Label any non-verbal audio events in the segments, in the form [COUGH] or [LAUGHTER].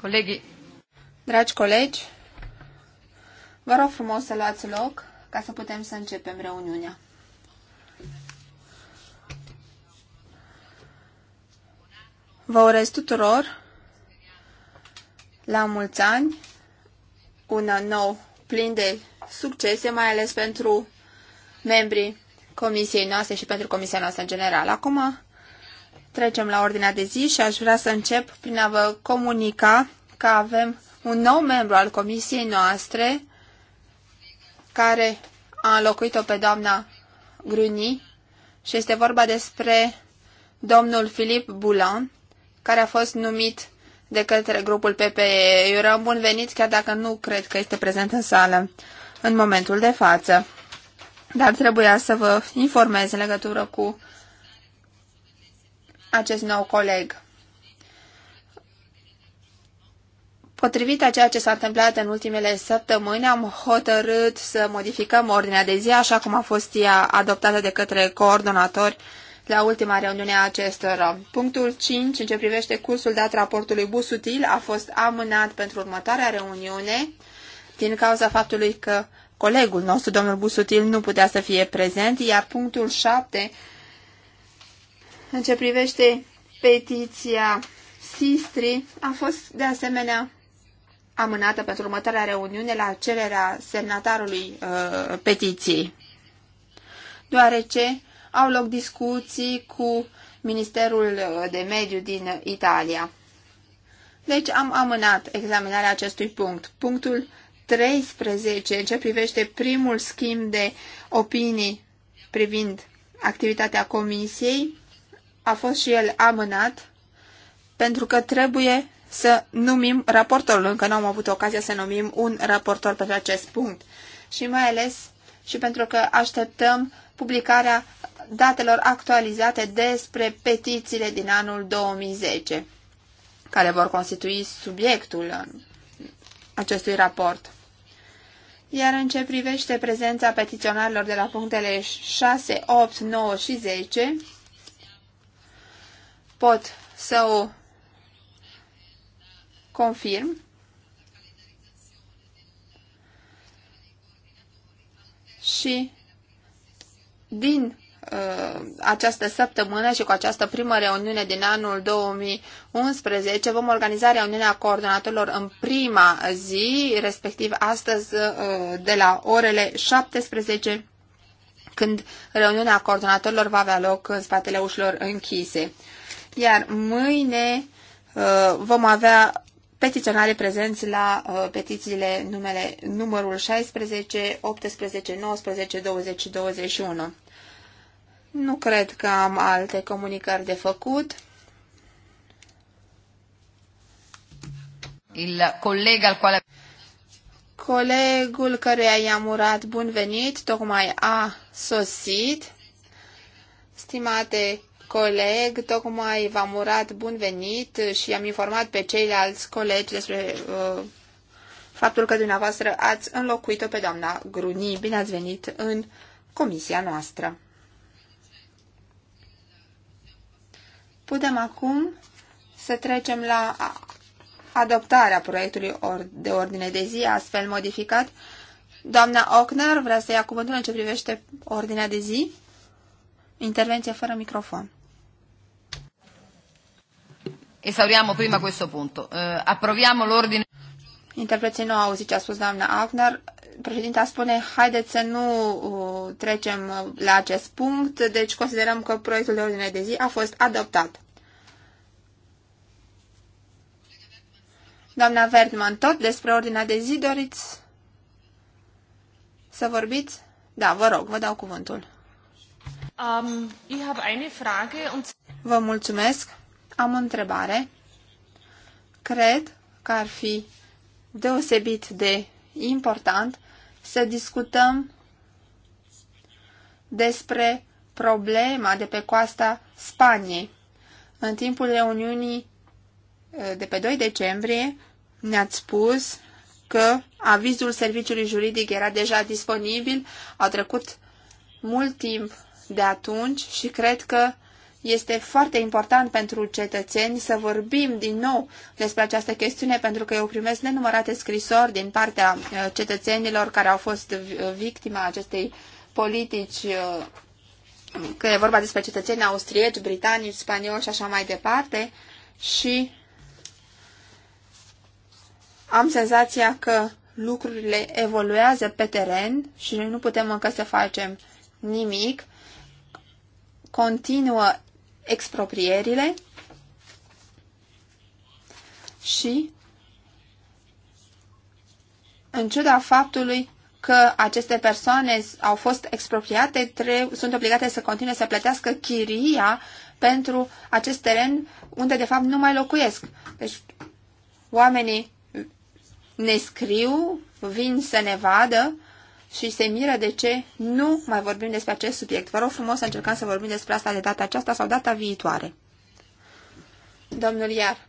Colegii. Dragi colegi, vă rog frumos să luați loc ca să putem să începem reuniunea. Vă urez tuturor la mulți ani, un an nou plin de succese, mai ales pentru membrii comisiei noastre și pentru comisia noastră în general. Acum Trecem la ordinea de zi și aș vrea să încep prin a vă comunica că avem un nou membru al comisiei noastre care a înlocuit-o pe doamna Gruni și este vorba despre domnul Filip Boulan, care a fost numit de către grupul PPE. Eu rău bun venit, chiar dacă nu cred că este prezent în sală în momentul de față. Dar trebuia să vă informez în legătură cu acest nou coleg. Potrivit a ceea ce s-a întâmplat în ultimele săptămâni, am hotărât să modificăm ordinea de zi așa cum a fost ea adoptată de către coordonatori la ultima reuniune a acestora. Punctul 5, în ce privește cursul dat raportului Busutil, a fost amânat pentru următoarea reuniune din cauza faptului că colegul nostru, domnul Busutil, nu putea să fie prezent, iar punctul 7 în ce privește petiția Sistri, a fost de asemenea amânată pentru următoarea reuniune la cererea semnatarului uh, petiției, deoarece au loc discuții cu Ministerul uh, de Mediu din Italia. Deci am amânat examinarea acestui punct. Punctul 13, în ce privește primul schimb de opinii privind activitatea comisiei, a fost și el amânat pentru că trebuie să numim raportorul. Încă nu am avut ocazia să numim un raportor pentru acest punct. Și mai ales și pentru că așteptăm publicarea datelor actualizate despre petițiile din anul 2010, care vor constitui subiectul acestui raport. Iar în ce privește prezența petiționarilor de la punctele 6, 8, 9 și 10, pot să o confirm. Și din uh, această săptămână și cu această primă reuniune din anul 2011 vom organiza reuniunea coordonatorilor în prima zi, respectiv astăzi uh, de la orele 17 când reuniunea coordonatorilor va avea loc în spatele ușilor închise iar mâine uh, vom avea petiționare prezenți la uh, petițiile numele, numărul 16, 18, 19, 20 și 21. Nu cred că am alte comunicări de făcut. Il coleg al quale... Colegul căruia i-am urat bun venit tocmai a sosit. Stimate coleg tocmai v-am urat bun venit și am informat pe ceilalți colegi despre uh, faptul că dumneavoastră ați înlocuit-o pe doamna Gruni. Bine ați venit în comisia noastră. Putem acum să trecem la adoptarea proiectului de ordine de zi, astfel modificat. Doamna Ochner vrea să ia cuvântul în ce privește ordinea de zi? Intervenție fără microfon esauriamo prima questo punto. Uh, approviamo l'ordine. Interpreții nu au auzit ce a spus doamna Agner. Președinta spune, haideți să nu uh, trecem uh, la acest punct, deci considerăm că proiectul de ordine de zi a fost adoptat. Doamna Vertman, tot despre ordinea de zi doriți să vorbiți? Da, vă rog, vă dau cuvântul. Um, Vă mulțumesc am o întrebare. Cred că ar fi deosebit de important să discutăm despre problema de pe coasta Spaniei. În timpul reuniunii eh, de pe 2 decembrie ne-ați spus că avizul serviciului juridic era deja disponibil, a trecut mult timp de atunci și cred că este foarte important pentru cetățeni să vorbim din nou despre această chestiune, pentru că eu primesc nenumărate scrisori din partea uh, cetățenilor care au fost uh, victima acestei politici, uh, că e vorba despre cetățeni austrieci, britanici, spanioli și așa mai departe, și am senzația că lucrurile evoluează pe teren și noi nu putem încă să facem nimic. Continuă exproprierile și, în ciuda faptului că aceste persoane au fost expropriate, sunt obligate să continue să plătească chiria pentru acest teren unde de fapt nu mai locuiesc. Deci oamenii ne scriu, vin să ne vadă și se miră de ce nu mai vorbim despre acest subiect. Vă rog frumos să încercăm să vorbim despre asta de data aceasta sau data viitoare. Domnul Iar.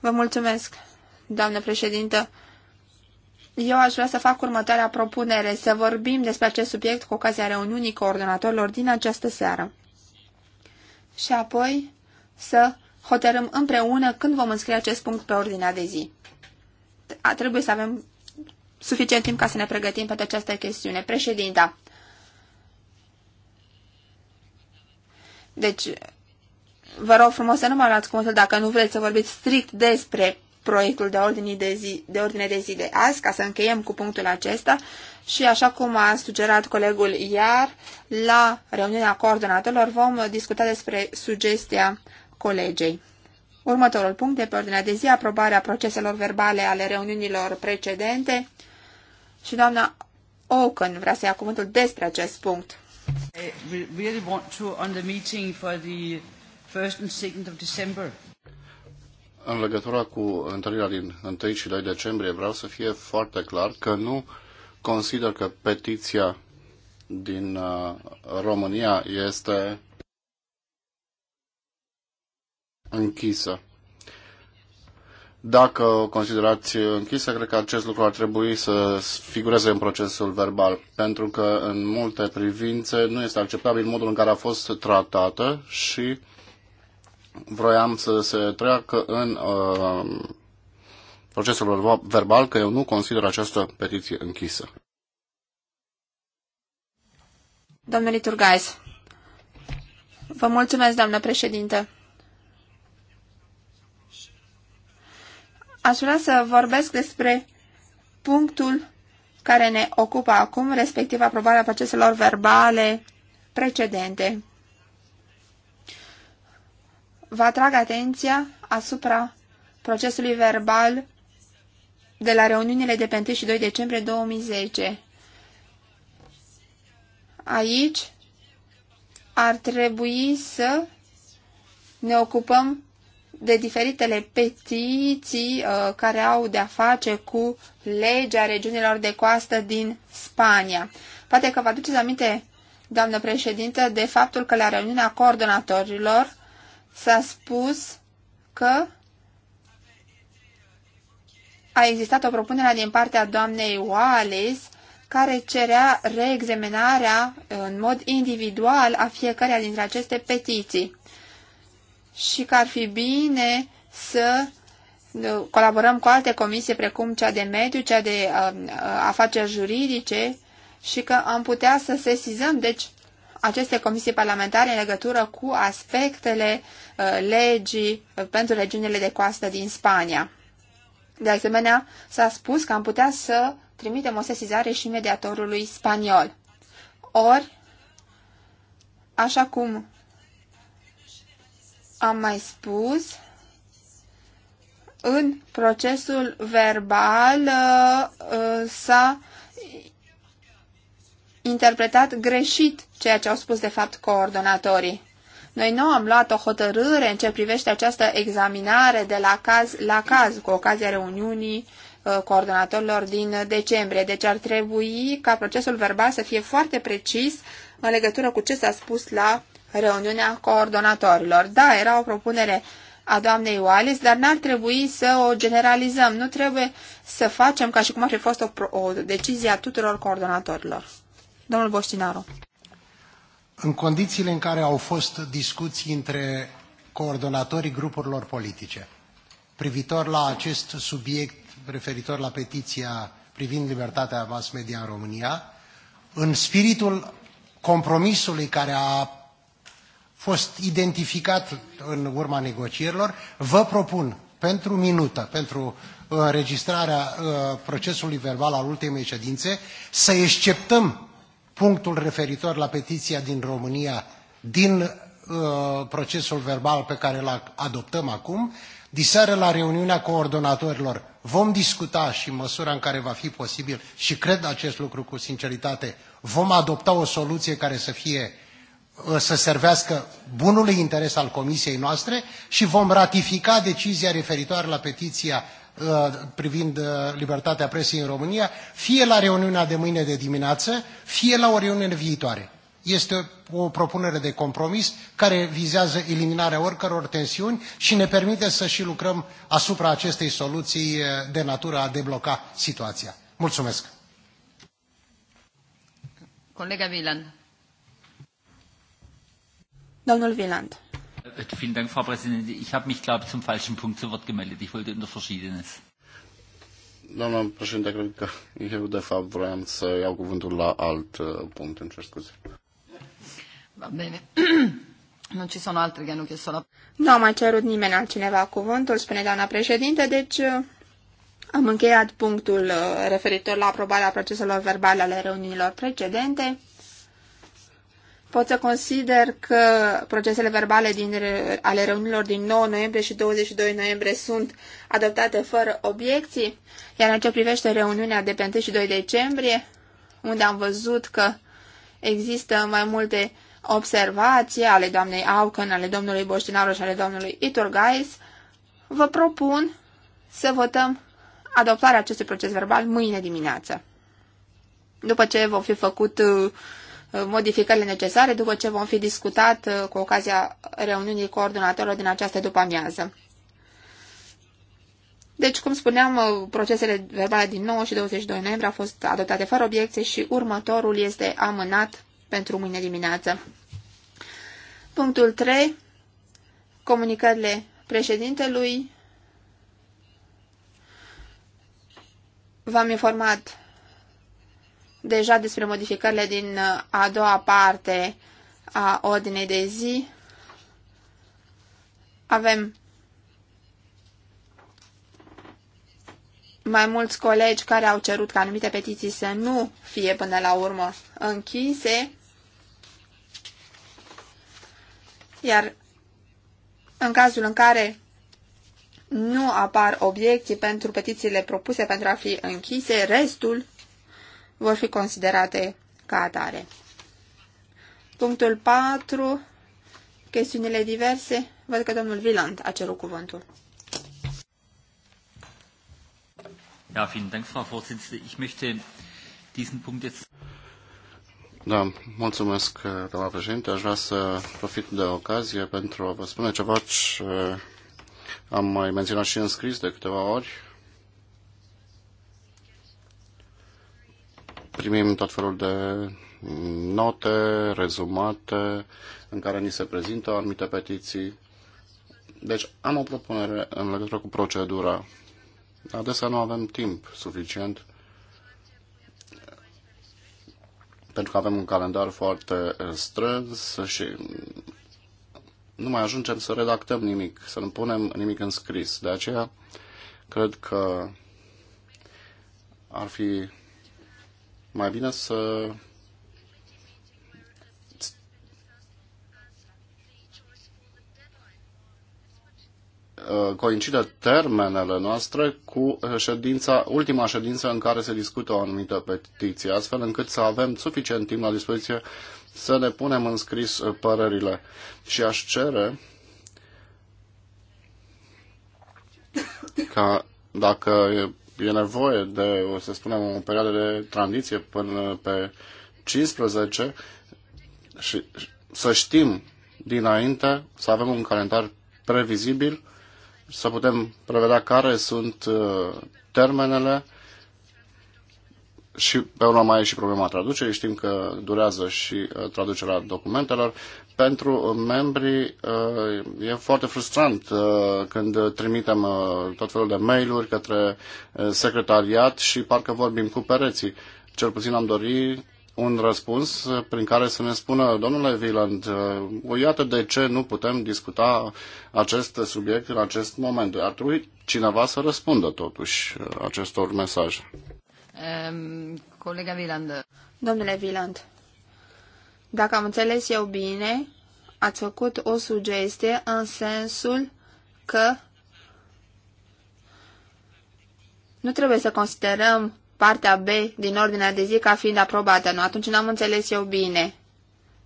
Vă mulțumesc, doamnă președintă. Eu aș vrea să fac următoarea propunere, să vorbim despre acest subiect cu ocazia reuniunii coordonatorilor din această seară. Și apoi să hotărâm împreună când vom înscrie acest punct pe ordinea de zi. A, trebuie să avem suficient timp ca să ne pregătim pentru această chestiune. Președinta. Deci, vă rog frumos să nu mă luați cuvântul dacă nu vreți să vorbiți strict despre proiectul de ordine de, zi, de ordine de zi de azi, ca să încheiem cu punctul acesta și așa cum a sugerat colegul iar, la reuniunea coordonatorilor vom discuta despre sugestia colegei. Următorul punct de pe ordinea de zi, aprobarea proceselor verbale ale reuniunilor precedente și doamna Oaken vrea să ia cuvântul despre acest punct. În legătură cu întâlnirea din 1 și 2 decembrie, vreau să fie foarte clar că nu consider că petiția din uh, România este închisă. Dacă o considerați închisă, cred că acest lucru ar trebui să figureze în procesul verbal, pentru că în multe privințe nu este acceptabil modul în care a fost tratată și vroiam să se treacă în uh, procesul verbal că eu nu consider această petiție închisă. Domnule Turgais, vă mulțumesc, doamnă președinte. aș vrea să vorbesc despre punctul care ne ocupă acum, respectiv aprobarea proceselor verbale precedente. Vă atrag atenția asupra procesului verbal de la reuniunile de pe 1 și 2 decembrie 2010. Aici ar trebui să ne ocupăm de diferitele petiții uh, care au de-a face cu legea regiunilor de coastă din Spania. Poate că vă aduceți aminte, doamnă președintă, de faptul că la reuniunea coordonatorilor s-a spus că a existat o propunere din partea doamnei Wallace care cerea reexaminarea în mod individual a fiecarea dintre aceste petiții și că ar fi bine să uh, colaborăm cu alte comisii precum cea de mediu, cea de uh, uh, afaceri juridice și că am putea să sesizăm deci aceste comisii parlamentare în legătură cu aspectele uh, legii pentru regiunile de coastă din Spania. De asemenea, s-a spus că am putea să trimitem o sesizare și mediatorului spaniol. Ori, așa cum am mai spus, în procesul verbal uh, uh, s-a interpretat greșit ceea ce au spus de fapt coordonatorii. Noi nu am luat o hotărâre în ce privește această examinare de la caz la caz cu ocazia reuniunii uh, coordonatorilor din decembrie. Deci ar trebui ca procesul verbal să fie foarte precis în legătură cu ce s-a spus la reuniunea coordonatorilor. Da, era o propunere a doamnei Wallis, dar n-ar trebui să o generalizăm. Nu trebuie să facem ca și cum ar fi fost o, o decizie a tuturor coordonatorilor. Domnul Boștinaru. În condițiile în care au fost discuții între coordonatorii grupurilor politice privitor la acest subiect referitor la petiția privind libertatea mass media în România, în spiritul compromisului care a fost identificat în urma negocierilor. Vă propun pentru minută, pentru înregistrarea uh, procesului verbal al ultimei ședințe, să exceptăm punctul referitor la petiția din România din uh, procesul verbal pe care îl adoptăm acum. Diseară la reuniunea coordonatorilor vom discuta și măsura în care va fi posibil și cred acest lucru cu sinceritate, vom adopta o soluție care să fie Uh, să servească bunului interes al comisiei noastre și vom ratifica decizia referitoare la petiția uh, privind uh, libertatea presei în România, fie la reuniunea de mâine de dimineață, fie la o reuniune viitoare. Este o propunere de compromis care vizează eliminarea oricăror tensiuni și ne permite să și lucrăm asupra acestei soluții de natură a debloca situația. Mulțumesc! Colega Milan. Domnul Wieland. Vielen Dank, Frau Präsidentin. Ich habe mich, glaube ich, zum falschen Punkt zu Wort gemeldet. Ich wollte unter Verschiedenes. Doamna președinte, cred că eu, de fapt, vroiam să iau cuvântul la alt uh, punct. Îmi cer scuze. Va bine. [CLEARS THROAT] Nu ci sono altri che hanno chiesto la... Nu a mai cerut nimeni altcineva cuvântul, spune doamna președinte, deci uh, am încheiat punctul uh, referitor la aprobarea proceselor verbale ale reuniunilor precedente pot să consider că procesele verbale din, ale reunilor din 9 noiembrie și 22 noiembrie sunt adoptate fără obiecții, iar în ce privește reuniunea de pe 1 și 2 decembrie, unde am văzut că există mai multe observații ale doamnei Aucan, ale domnului Boștinaru și ale domnului Iturgais, vă propun să votăm adoptarea acestui proces verbal mâine dimineață. După ce vor fi făcut uh, modificările necesare după ce vom fi discutat uh, cu ocazia reuniunii coordonatorilor din această după-amiază. Deci, cum spuneam, uh, procesele verbale din 9 și 22 noiembrie au fost adoptate fără obiecție și următorul este amânat pentru mâine dimineață. Punctul 3. Comunicările președintelui. V-am informat deja despre modificările din uh, a doua parte a ordinei de zi. Avem mai mulți colegi care au cerut ca anumite petiții să nu fie până la urmă închise, iar în cazul în care nu apar obiecții pentru petițiile propuse pentru a fi închise, restul vor fi considerate ca atare. Punctul 4. Chestiunile diverse. Văd că domnul Viland a cerut cuvântul. Da, vielen Dank, Frau Vorsitzende. Ich möchte diesen Punkt jetzt... Da, mulțumesc, doamna președinte. Aș vrea să profit de ocazie pentru a vă spune ceva ce am mai menționat și în scris de câteva ori primim tot felul de note rezumate în care ni se prezintă anumite petiții. Deci am o propunere în legătură cu procedura. Adesea nu avem timp suficient pentru că avem un calendar foarte eh, strâns și nu mai ajungem să redactăm nimic, să nu punem nimic în scris. De aceea, cred că ar fi mai bine să uh, coincide termenele noastre cu ședința, ultima ședință în care se discută o anumită petiție, astfel încât să avem suficient timp la dispoziție să ne punem în scris uh, părerile. Și aș cere ca dacă e nevoie de, o să spunem, o perioadă de tranziție până pe 15 și să știm dinainte, să avem un calendar previzibil, să putem prevedea care sunt uh, termenele și pe urmă mai e și problema traducerii. Știm că durează și uh, traducerea documentelor pentru membri uh, e foarte frustrant uh, când trimitem uh, tot felul de mail-uri către secretariat și parcă vorbim cu pereții. Cel puțin am dori un răspuns prin care să ne spună, domnule Wieland, iată de ce nu putem discuta acest subiect în acest moment. Ar trebui cineva să răspundă totuși acestor mesaje. Um, colega Wieland. Domnule Wieland, dacă am înțeles eu bine, ați făcut o sugestie în sensul că nu trebuie să considerăm partea B din ordinea de zi ca fiind aprobată. Nu, atunci n-am înțeles eu bine.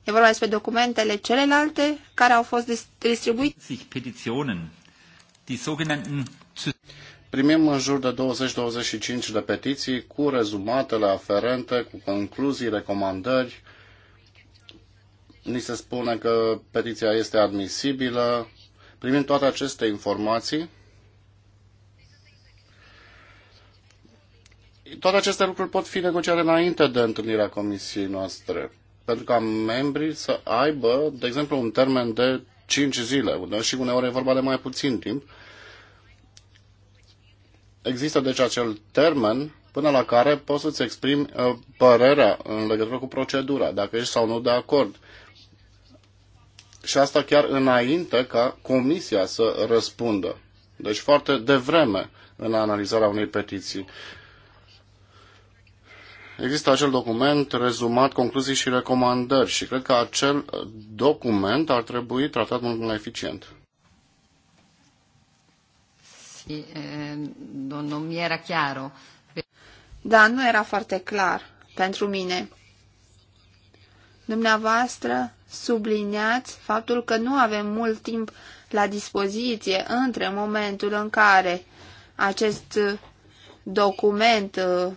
E vorba despre documentele celelalte care au fost distribuite. Primim în jur de 20-25 de petiții cu rezumatele aferente, cu concluzii, recomandări ni se spune că petiția este admisibilă. Primim toate aceste informații. Toate aceste lucruri pot fi negociate înainte de întâlnirea comisiei noastre, pentru ca membrii să aibă, de exemplu, un termen de 5 zile, și uneori e vorba de mai puțin timp. Există deci acel termen până la care poți să-ți exprimi uh, părerea în legătură cu procedura, dacă ești sau nu de acord și asta chiar înainte ca comisia să răspundă. Deci foarte devreme în analizarea unei petiții. Există acel document rezumat, concluzii și recomandări și cred că acel document ar trebui tratat mult mai eficient. Eh, da, nu era foarte clar pentru mine. Dumneavoastră subliniați faptul că nu avem mult timp la dispoziție între momentul în care acest document uh,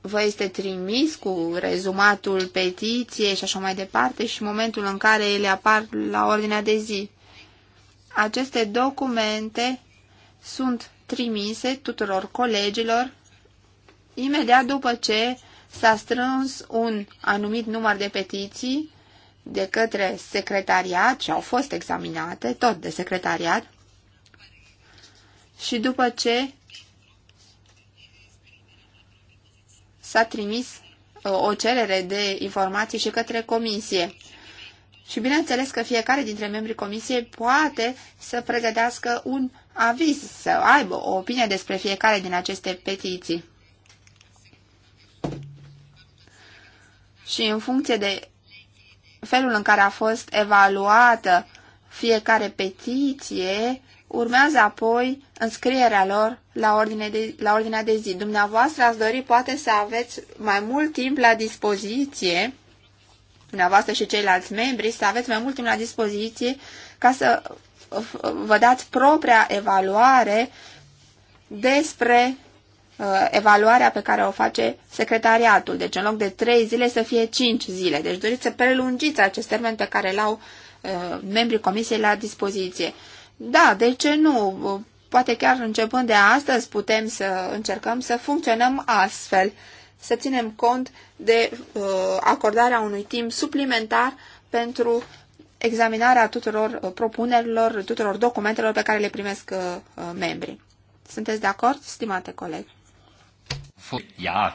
vă este trimis cu rezumatul petiției și așa mai departe și momentul în care ele apar la ordinea de zi. Aceste documente sunt trimise tuturor colegilor imediat după ce s-a strâns un anumit număr de petiții de către secretariat și au fost examinate, tot de secretariat, și după ce s-a trimis uh, o cerere de informații și către comisie. Și bineînțeles că fiecare dintre membrii comisiei poate să pregătească un aviz, să aibă o opinie despre fiecare din aceste petiții. și în funcție de felul în care a fost evaluată fiecare petiție, urmează apoi înscrierea lor la, ordine de, la ordinea de zi. Dumneavoastră ați dori poate să aveți mai mult timp la dispoziție, dumneavoastră și ceilalți membri, să aveți mai mult timp la dispoziție ca să vă dați propria evaluare despre Uh, evaluarea pe care o face secretariatul. Deci în loc de trei zile să fie cinci zile. Deci doriți să prelungiți acest termen pe care l-au uh, membrii comisiei la dispoziție. Da, de ce nu? Uh, poate chiar începând de astăzi putem să încercăm să funcționăm astfel, să ținem cont de uh, acordarea unui timp suplimentar pentru examinarea tuturor propunerilor, tuturor documentelor pe care le primesc membrii. Sunteți de acord, stimate colegi? Ia.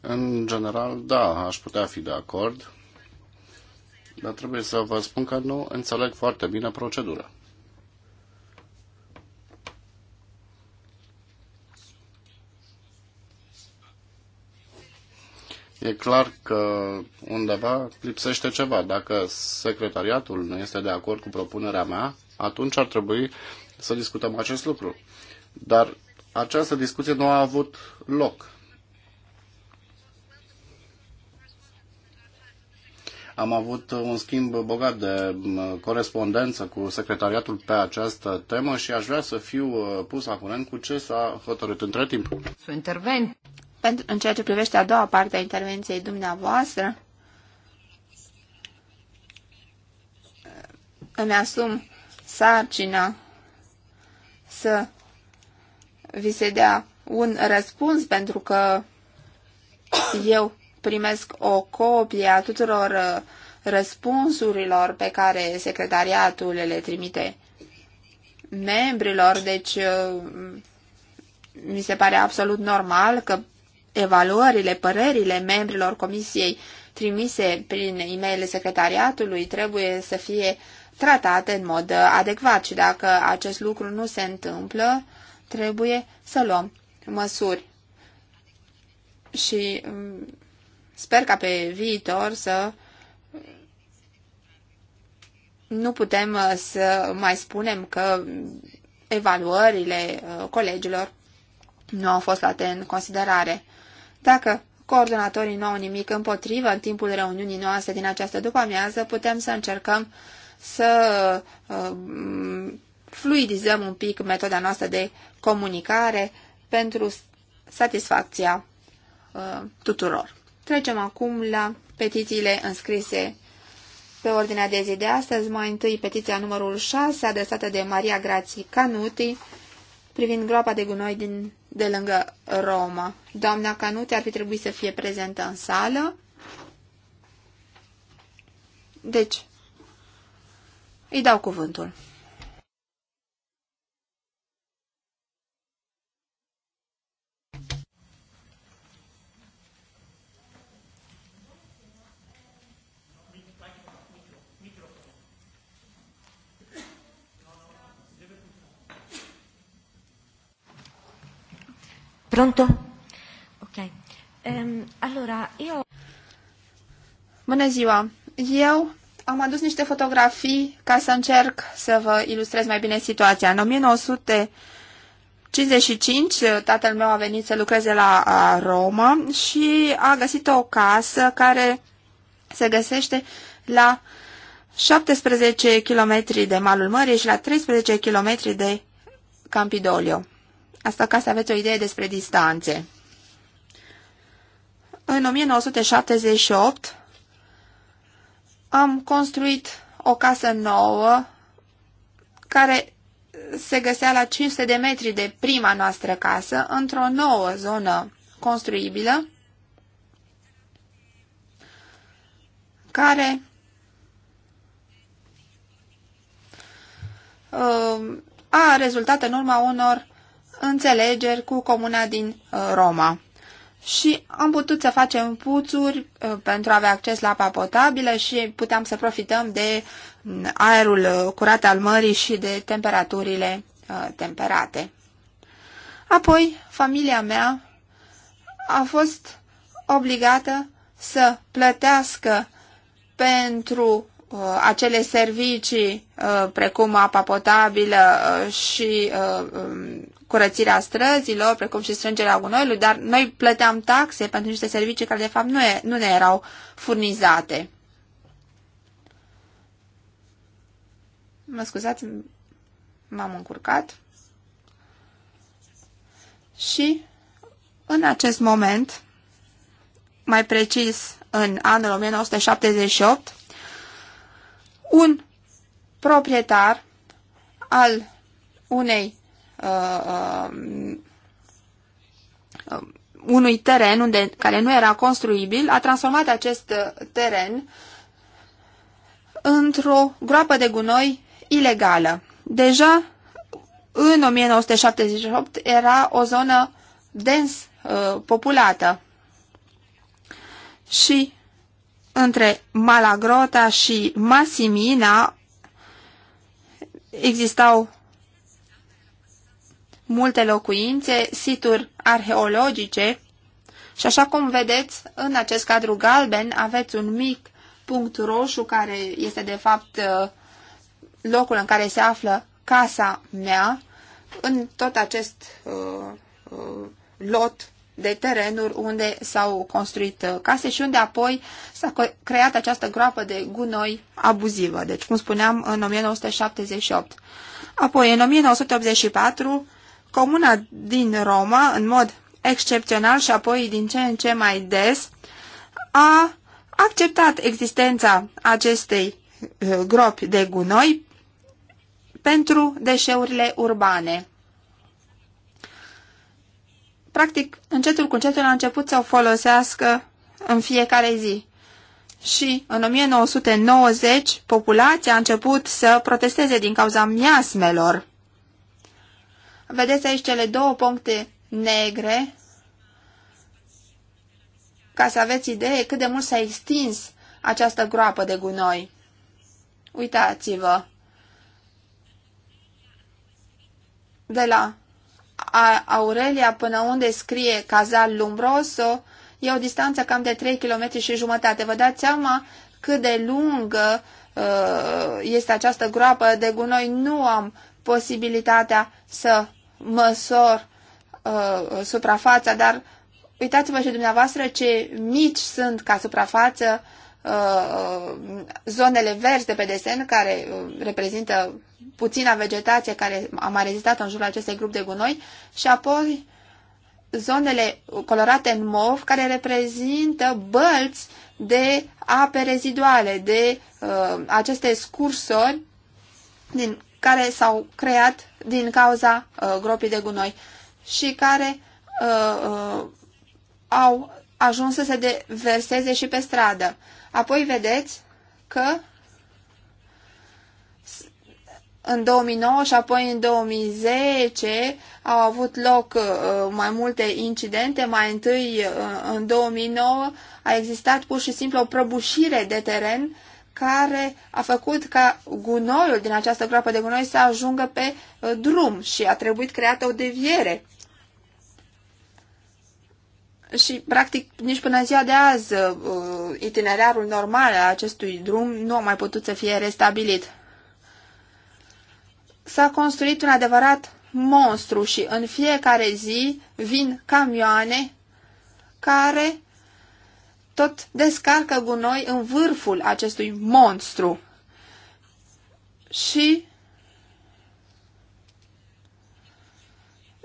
În general, da, aș putea fi de acord, dar trebuie să vă spun că nu înțeleg foarte bine procedura. E clar că undeva lipsește ceva. Dacă secretariatul nu este de acord cu propunerea mea, atunci ar trebui să discutăm acest lucru. Dar această discuție nu a avut loc. Am avut un schimb bogat de corespondență cu secretariatul pe această temă și aș vrea să fiu uh, pus la curent cu ce s-a hotărât între timp. Interven. Pentru, în ceea ce privește a doua parte a intervenției dumneavoastră, uh, îmi asum sarcina să vi se dea un răspuns, pentru că eu primesc o copie a tuturor uh, răspunsurilor pe care secretariatul le trimite membrilor, deci uh, mi se pare absolut normal că evaluările, părerile membrilor comisiei trimise prin e-mail secretariatului trebuie să fie tratate în mod uh, adecvat și dacă acest lucru nu se întâmplă, trebuie să luăm măsuri. Și mm, sper ca pe viitor să nu putem uh, să mai spunem că evaluările uh, colegilor nu au fost luate în considerare. Dacă coordonatorii nu au nimic împotrivă în timpul reuniunii noastre din această după-amiază, putem să încercăm să uh, fluidizăm un pic metoda noastră de comunicare pentru satisfacția uh, tuturor. Trecem acum la petițiile înscrise pe ordinea de zi de astăzi. Mai întâi petiția numărul 6 adresată de Maria Grații Canuti privind groapa de gunoi din, de lângă Roma. Doamna Canuti ar fi trebuit să fie prezentă în sală. Deci, îi dau cuvântul. Pronto? Ok. Um, allora, io... Bună ziua! Eu am adus niște fotografii ca să încerc să vă ilustrez mai bine situația. În 1955, tatăl meu a venit să lucreze la Roma și a găsit o casă care se găsește la 17 km de malul mării și la 13 km de Campidolio. Asta ca să aveți o idee despre distanțe. În 1978 am construit o casă nouă care se găsea la 500 de metri de prima noastră casă, într-o nouă zonă construibilă, care uh, a rezultat în urma unor înțelegeri cu comuna din uh, Roma. Și am putut să facem puțuri uh, pentru a avea acces la apa potabilă și puteam să profităm de mm, aerul uh, curat al mării și de temperaturile temperate. Apoi, familia mea a fost obligată să plătească pentru acele servicii precum apa potabilă și um, curățirea străzilor, precum și strângerea gunoiului, dar noi plăteam taxe pentru niște servicii care de fapt nu, e, nu ne erau furnizate. Mă scuzați, m-am încurcat. Și în acest moment, mai precis în anul 1978, un proprietar al unei Uh, uh, um, uh, unui teren unde, care nu era construibil, a transformat acest uh, teren într-o groapă de gunoi ilegală. Deja în 1978 era o zonă dens uh, populată și între Malagrota și Massimina existau multe locuințe, situri arheologice și așa cum vedeți, în acest cadru galben aveți un mic punct roșu care este de fapt uh, locul în care se află casa mea în tot acest uh, uh, lot de terenuri unde s-au construit case și unde apoi s-a creat această groapă de gunoi abuzivă, deci cum spuneam în 1978. Apoi, în 1984, Comuna din Roma, în mod excepțional și apoi din ce în ce mai des, a acceptat existența acestei uh, gropi de gunoi pentru deșeurile urbane. Practic, încetul cu încetul a început să o folosească în fiecare zi. Și în 1990, populația a început să protesteze din cauza miasmelor Vedeți aici cele două puncte negre, ca să aveți idee cât de mult s-a extins această groapă de gunoi. Uitați-vă! De la Aurelia până unde scrie Cazal Lumbroso e o distanță cam de 3 km și jumătate. Vă dați seama cât de lungă uh, este această groapă de gunoi. Nu am posibilitatea să măsor uh, suprafața, dar uitați-vă și dumneavoastră ce mici sunt ca suprafață uh, zonele verzi de pe desen care uh, reprezintă puțina vegetație care a mai rezistat în jurul acestui grup de gunoi și apoi zonele colorate în mov care reprezintă bălți de ape reziduale, de uh, aceste scursori din care s-au creat din cauza uh, gropii de gunoi și care uh, uh, au ajuns să se deverseze și pe stradă. Apoi vedeți că în 2009 și apoi în 2010 au avut loc uh, mai multe incidente. Mai întâi, uh, în 2009, a existat pur și simplu o prăbușire de teren care a făcut ca gunoiul din această groapă de gunoi să ajungă pe uh, drum și a trebuit creată o deviere. Și, practic, nici până ziua de azi, uh, itinerarul normal al acestui drum nu a mai putut să fie restabilit. S-a construit un adevărat monstru și în fiecare zi vin camioane care tot descarcă gunoi în vârful acestui monstru. Și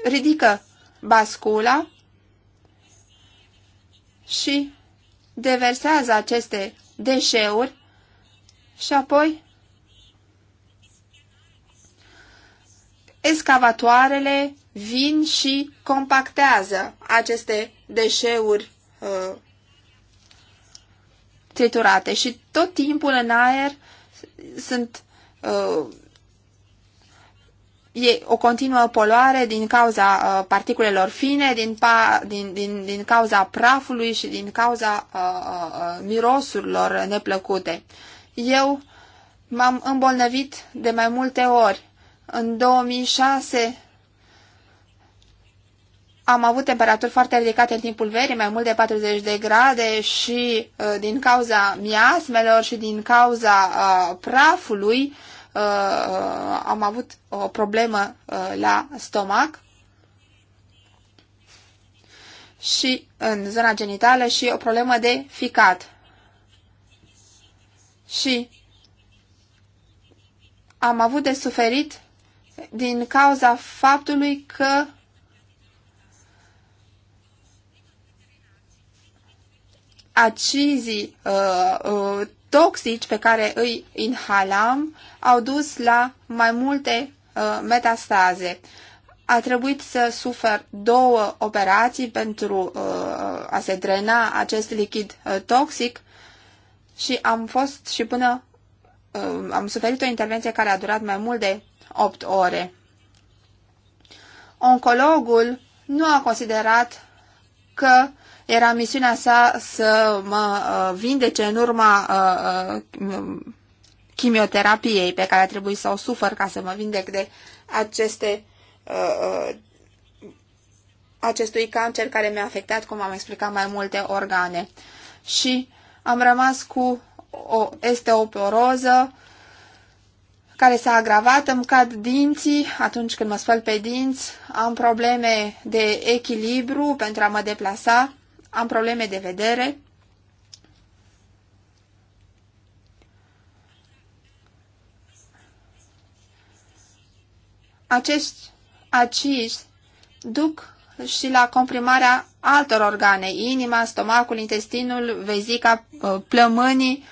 ridică bascula și deversează aceste deșeuri și apoi escavatoarele vin și compactează aceste deșeuri uh, triturate și tot timpul în aer sunt uh, e o continuă poluare din cauza uh, particulelor fine, din, pa, din, din, din cauza prafului și din cauza uh, uh, uh mirosurilor neplăcute. Eu m-am îmbolnăvit de mai multe ori. În 2006 am avut temperaturi foarte ridicate în timpul verii, mai mult de 40 de grade și uh, din cauza miasmelor și din cauza uh, prafului uh, am avut o problemă uh, la stomac și în zona genitală și o problemă de ficat. Și am avut de suferit din cauza faptului că acizii uh, uh, toxici pe care îi inhalam au dus la mai multe uh, metastaze. A trebuit să sufer două operații pentru uh, a se drena acest lichid uh, toxic și am fost și până uh, am suferit o intervenție care a durat mai mult de 8 ore. Oncologul nu a considerat că uh, era misiunea sa să mă uh, vindece în urma uh, uh, chimioterapiei pe care a trebuit să o sufăr ca să mă vindec de aceste acestui cancer care mi-a afectat, cum am explicat, mai multe organe. Și am rămas cu o esteoporoză care s-a agravat, îmi cad dinții atunci când mă spăl pe dinți, am probleme de echilibru pentru a mă deplasa am probleme de vedere. Acești acizi duc și la comprimarea altor organe, inima, stomacul, intestinul, vezica, uh, plămânii,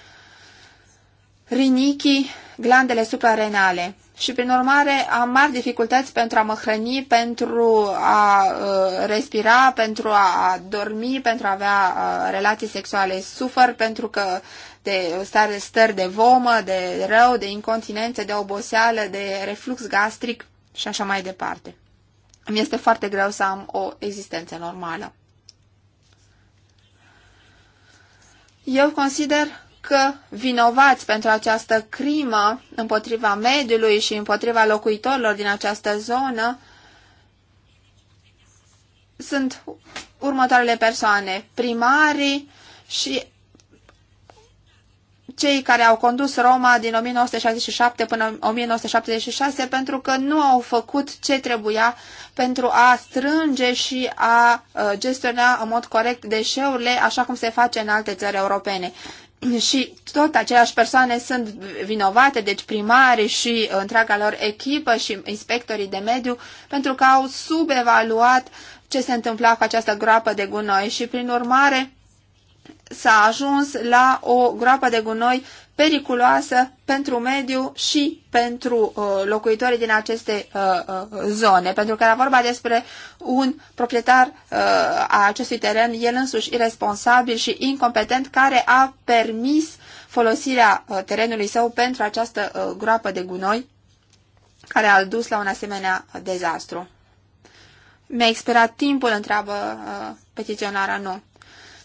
rinichii, glandele suprarenale și, prin urmare, am mari dificultăți pentru a mă hrăni, pentru a uh, respira, pentru a dormi, pentru a avea uh, relații sexuale. Sufăr pentru că de stare, stări de vomă, de rău, de incontinență, de oboseală, de reflux gastric și așa mai departe. mi este foarte greu să am o existență normală. Eu consider că vinovați pentru această crimă împotriva mediului și împotriva locuitorilor din această zonă sunt următoarele persoane, primarii și cei care au condus Roma din 1967 până 1976 pentru că nu au făcut ce trebuia pentru a strânge și a uh, gestiona în mod corect deșeurile așa cum se face în alte țări europene și tot aceleași persoane sunt vinovate, deci primare și întreaga lor echipă și inspectorii de mediu, pentru că au subevaluat ce se întâmpla cu această groapă de gunoi și, prin urmare, s-a ajuns la o groapă de gunoi periculoasă pentru mediu și pentru uh, locuitorii din aceste uh, uh, zone, pentru că era vorba despre un proprietar uh, a acestui teren, el însuși irresponsabil și incompetent, care a permis folosirea uh, terenului său pentru această uh, groapă de gunoi care a dus la un asemenea dezastru. Mi-a expirat timpul, întreabă uh, petiționarea, nu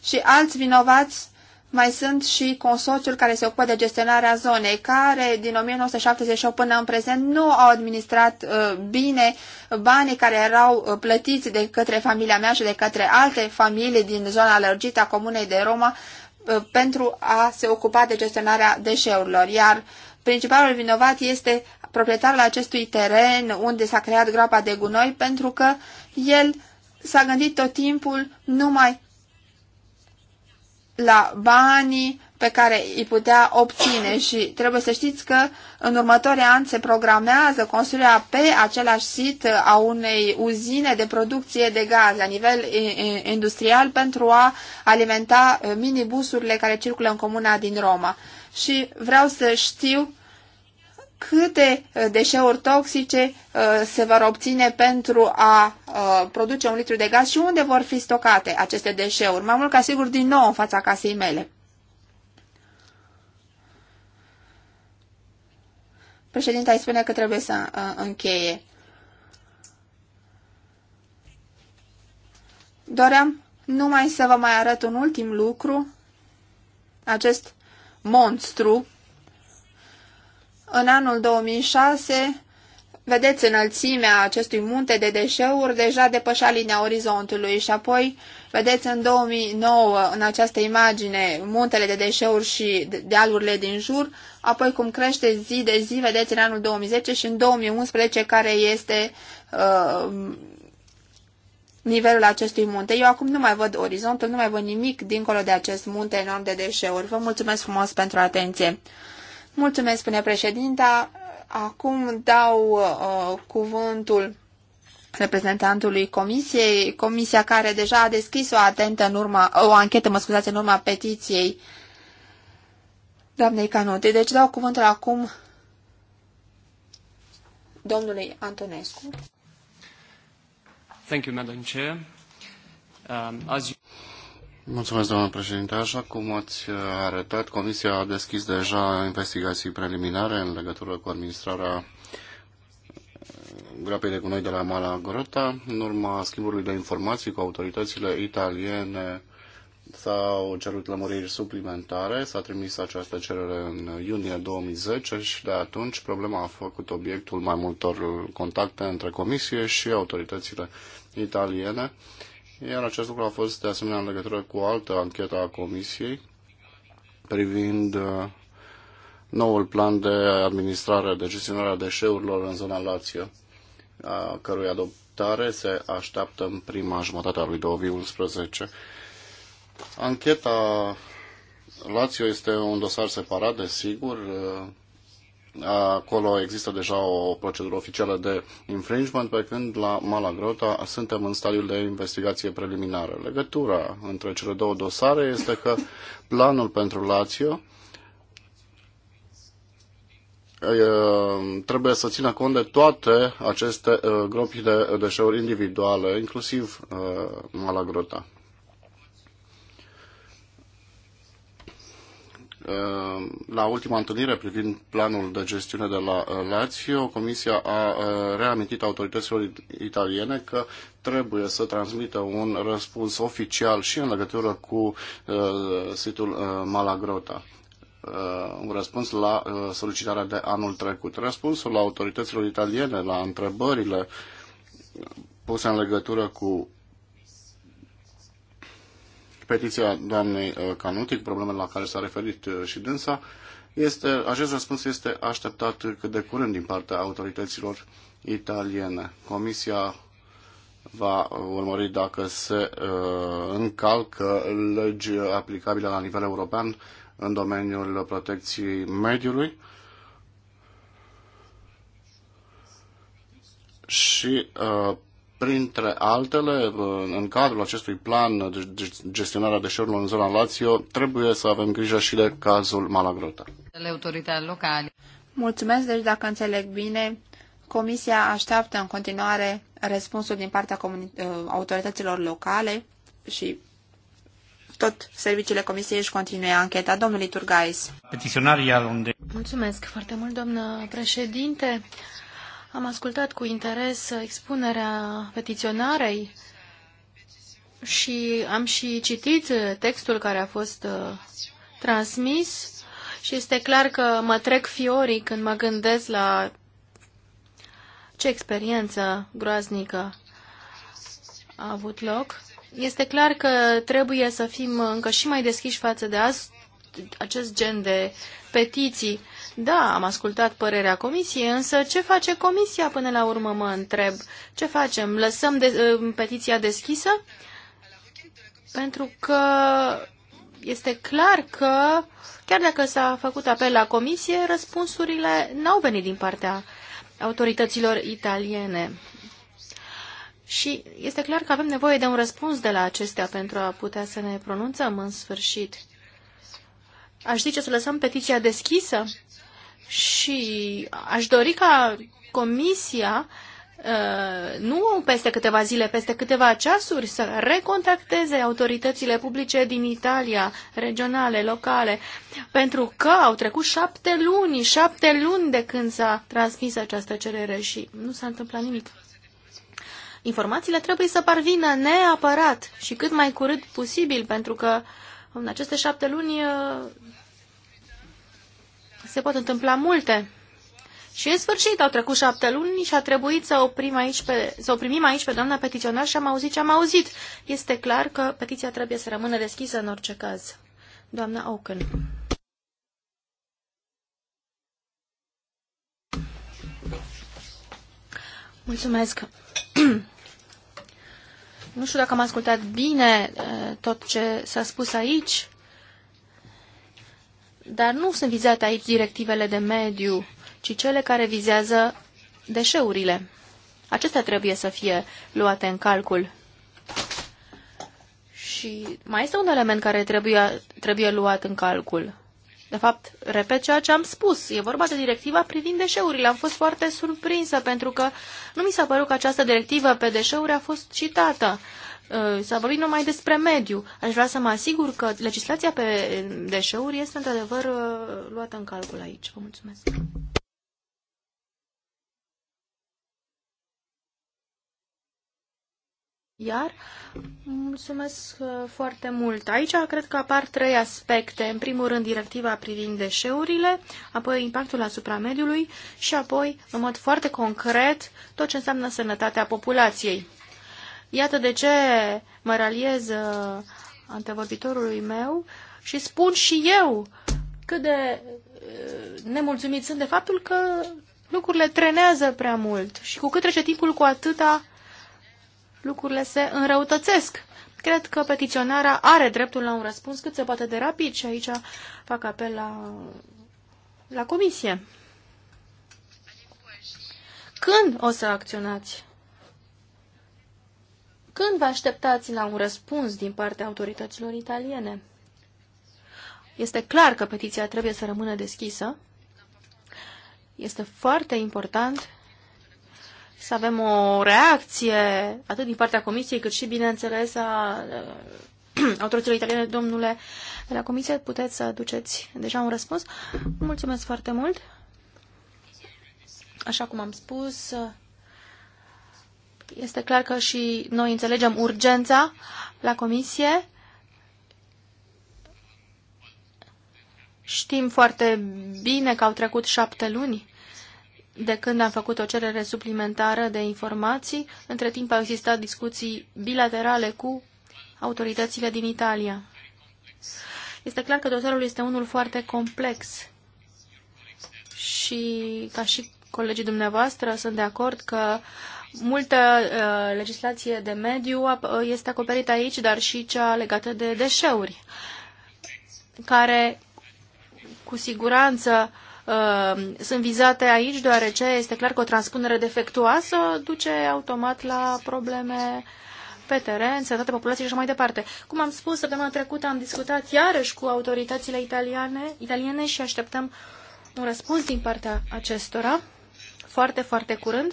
și alți vinovați mai sunt și consorțiul care se ocupă de gestionarea zonei, care din 1978 până în prezent nu au administrat uh, bine banii care erau uh, plătiți de către familia mea și de către alte familii din zona alergită a comunei de Roma uh, pentru a se ocupa de gestionarea deșeurilor. Iar principalul vinovat este proprietarul acestui teren unde s-a creat groapa de gunoi pentru că el s-a gândit tot timpul numai la banii pe care îi putea obține și trebuie să știți că în următoarea ani se programează construirea pe același sit a unei uzine de producție de gaz la nivel industrial pentru a alimenta minibusurile care circulă în comuna din Roma. Și vreau să știu câte uh, deșeuri toxice uh, se vor obține pentru a uh, produce un litru de gaz și unde vor fi stocate aceste deșeuri. Mai mult ca sigur din nou în fața casei mele. Președinta îi spune că trebuie să încheie. Doream numai să vă mai arăt un ultim lucru. Acest monstru în anul 2006, vedeți înălțimea acestui munte de deșeuri deja depășa linia orizontului și apoi vedeți în 2009 în această imagine muntele de deșeuri și dealurile din jur, apoi cum crește zi de zi, vedeți în anul 2010 și în 2011 care este uh, nivelul acestui munte. Eu acum nu mai văd orizontul, nu mai văd nimic dincolo de acest munte enorm de deșeuri. Vă mulțumesc frumos pentru atenție! Mulțumesc, spune președinta. Acum dau uh, cuvântul reprezentantului comisiei, comisia care deja a deschis o atentă în urma, o anchetă, mă scuzați, în urma petiției doamnei Canote. Deci dau cuvântul acum domnului Antonescu. Thank you, Madam Chair. Um, as you... Mulțumesc, doamnă președinte. Așa cum ați uh, arătat, Comisia a deschis deja investigații preliminare în legătură cu administrarea uh, grapei de gunoi de la Malagorota. În urma schimbului de informații cu autoritățile italiene s-au cerut lămuriri suplimentare, s-a trimis această cerere în iunie 2010 și de atunci problema a făcut obiectul mai multor contacte între Comisie și autoritățile italiene iar acest lucru a fost de asemenea în legătură cu o altă anchetă a Comisiei privind uh, noul plan de administrare, de gestionare a deșeurilor în zona Lazio, a cărui adoptare se așteaptă în prima jumătate a lui 2011. Ancheta Lazio este un dosar separat, desigur, uh, Acolo există deja o procedură oficială de infringement, pe când la Malagrota suntem în stadiul de investigație preliminară. Legătura între cele două dosare este că planul pentru Lazio trebuie să țină cont de toate aceste gropi de deșeuri individuale, inclusiv Malagrota. Eh, la ultima întâlnire privind planul de gestiune de la eh, Lazio, Comisia a eh, reamintit autorităților italiene că trebuie să transmită un răspuns oficial și în legătură cu situl Malagrota un răspuns la solicitarea de anul trecut. Răspunsul la autorităților italiene la întrebările puse în legătură cu petiția doamnei uh, Canuti problemele la care s-a referit uh, și dânsa, este, acest răspuns este așteptat cât de curând din partea autorităților italiene. Comisia va urmări dacă se uh, încalcă legi aplicabile la nivel european în domeniul protecției mediului și uh, Printre altele, în cadrul acestui plan de gestionarea deșeurilor în zona Lazio, trebuie să avem grijă și de cazul Malagrota. Mulțumesc, deci dacă înțeleg bine, Comisia așteaptă în continuare răspunsul din partea uh, autorităților locale și tot serviciile Comisiei își continuă ancheta. Domnului Turgais. Petiționaria unde... Mulțumesc foarte mult, doamnă președinte. Am ascultat cu interes expunerea petiționarei și am și citit textul care a fost uh, transmis și este clar că mă trec fiorii când mă gândesc la ce experiență groaznică a avut loc. Este clar că trebuie să fim încă și mai deschiși față de azi, acest gen de petiții da, am ascultat părerea comisiei, însă ce face comisia până la urmă, mă întreb. Ce facem? Lăsăm de, uh, petiția deschisă? Pentru că este clar că, chiar dacă s-a făcut apel la comisie, răspunsurile n-au venit din partea autorităților italiene. Și este clar că avem nevoie de un răspuns de la acestea pentru a putea să ne pronunțăm în sfârșit. Aș zice să lăsăm petiția deschisă și aș dori ca Comisia uh, nu peste câteva zile, peste câteva ceasuri, să recontacteze autoritățile publice din Italia, regionale, locale, pentru că au trecut șapte luni, șapte luni de când s-a transmis această cerere și nu s-a întâmplat nimic. Informațiile trebuie să parvină neapărat și cât mai curând posibil, pentru că în aceste șapte luni uh, se pot întâmpla multe. Și în sfârșit au trecut șapte luni și a trebuit să, oprim aici pe, să o primim aici pe doamna petiționar și am auzit ce am auzit. Este clar că petiția trebuie să rămână deschisă în orice caz. Doamna Oaken. Mulțumesc. [CLEARS THROAT] nu știu dacă am ascultat bine eh, tot ce s-a spus aici, dar nu sunt vizate aici directivele de mediu, ci cele care vizează deșeurile. Acestea trebuie să fie luate în calcul. Și mai este un element care trebuie, trebuie luat în calcul. De fapt, repet ceea ce am spus. E vorba de directiva privind deșeurile. Am fost foarte surprinsă pentru că nu mi s-a părut că această directivă pe deșeuri a fost citată. Uh, s-a vorbit numai despre mediu. Aș vrea să mă asigur că legislația pe deșeuri este într-adevăr uh, luată în calcul aici. Vă mulțumesc. Iar, mulțumesc uh, foarte mult. Aici cred că apar trei aspecte. În primul rând, directiva privind deșeurile, apoi impactul asupra mediului și apoi, în mod foarte concret, tot ce înseamnă sănătatea populației. Iată de ce mă raliez uh, antevorbitorului meu și spun și eu cât de uh, nemulțumit sunt de faptul că lucrurile trenează prea mult și cu cât trece timpul, cu atâta lucrurile se înrăutățesc. Cred că petiționarea are dreptul la un răspuns cât se poate de rapid și aici fac apel la, la comisie. Când o să acționați? Când vă așteptați la un răspuns din partea autorităților italiene? Este clar că petiția trebuie să rămână deschisă. Este foarte important să avem o reacție atât din partea Comisiei, cât și, bineînțeles, a [CLEARS THROAT] autorităților italiene. Domnule, de la Comisie puteți să aduceți deja un răspuns. Mulțumesc foarte mult! Așa cum am spus, este clar că și noi înțelegem urgența la comisie. Știm foarte bine că au trecut șapte luni de când am făcut o cerere suplimentară de informații. Între timp au existat discuții bilaterale cu autoritățile din Italia. Este clar că dosarul este unul foarte complex și, ca și colegii dumneavoastră, sunt de acord că Multă uh, legislație de mediu uh, este acoperită aici, dar și cea legată de deșeuri, care cu siguranță uh, sunt vizate aici, deoarece este clar că o transpunere defectuoasă duce automat la probleme pe teren, sănătatea populației și așa mai departe. Cum am spus, săptămâna trecută am discutat iarăși cu autoritățile italiane, italiene și așteptăm un răspuns din partea acestora foarte, foarte curând.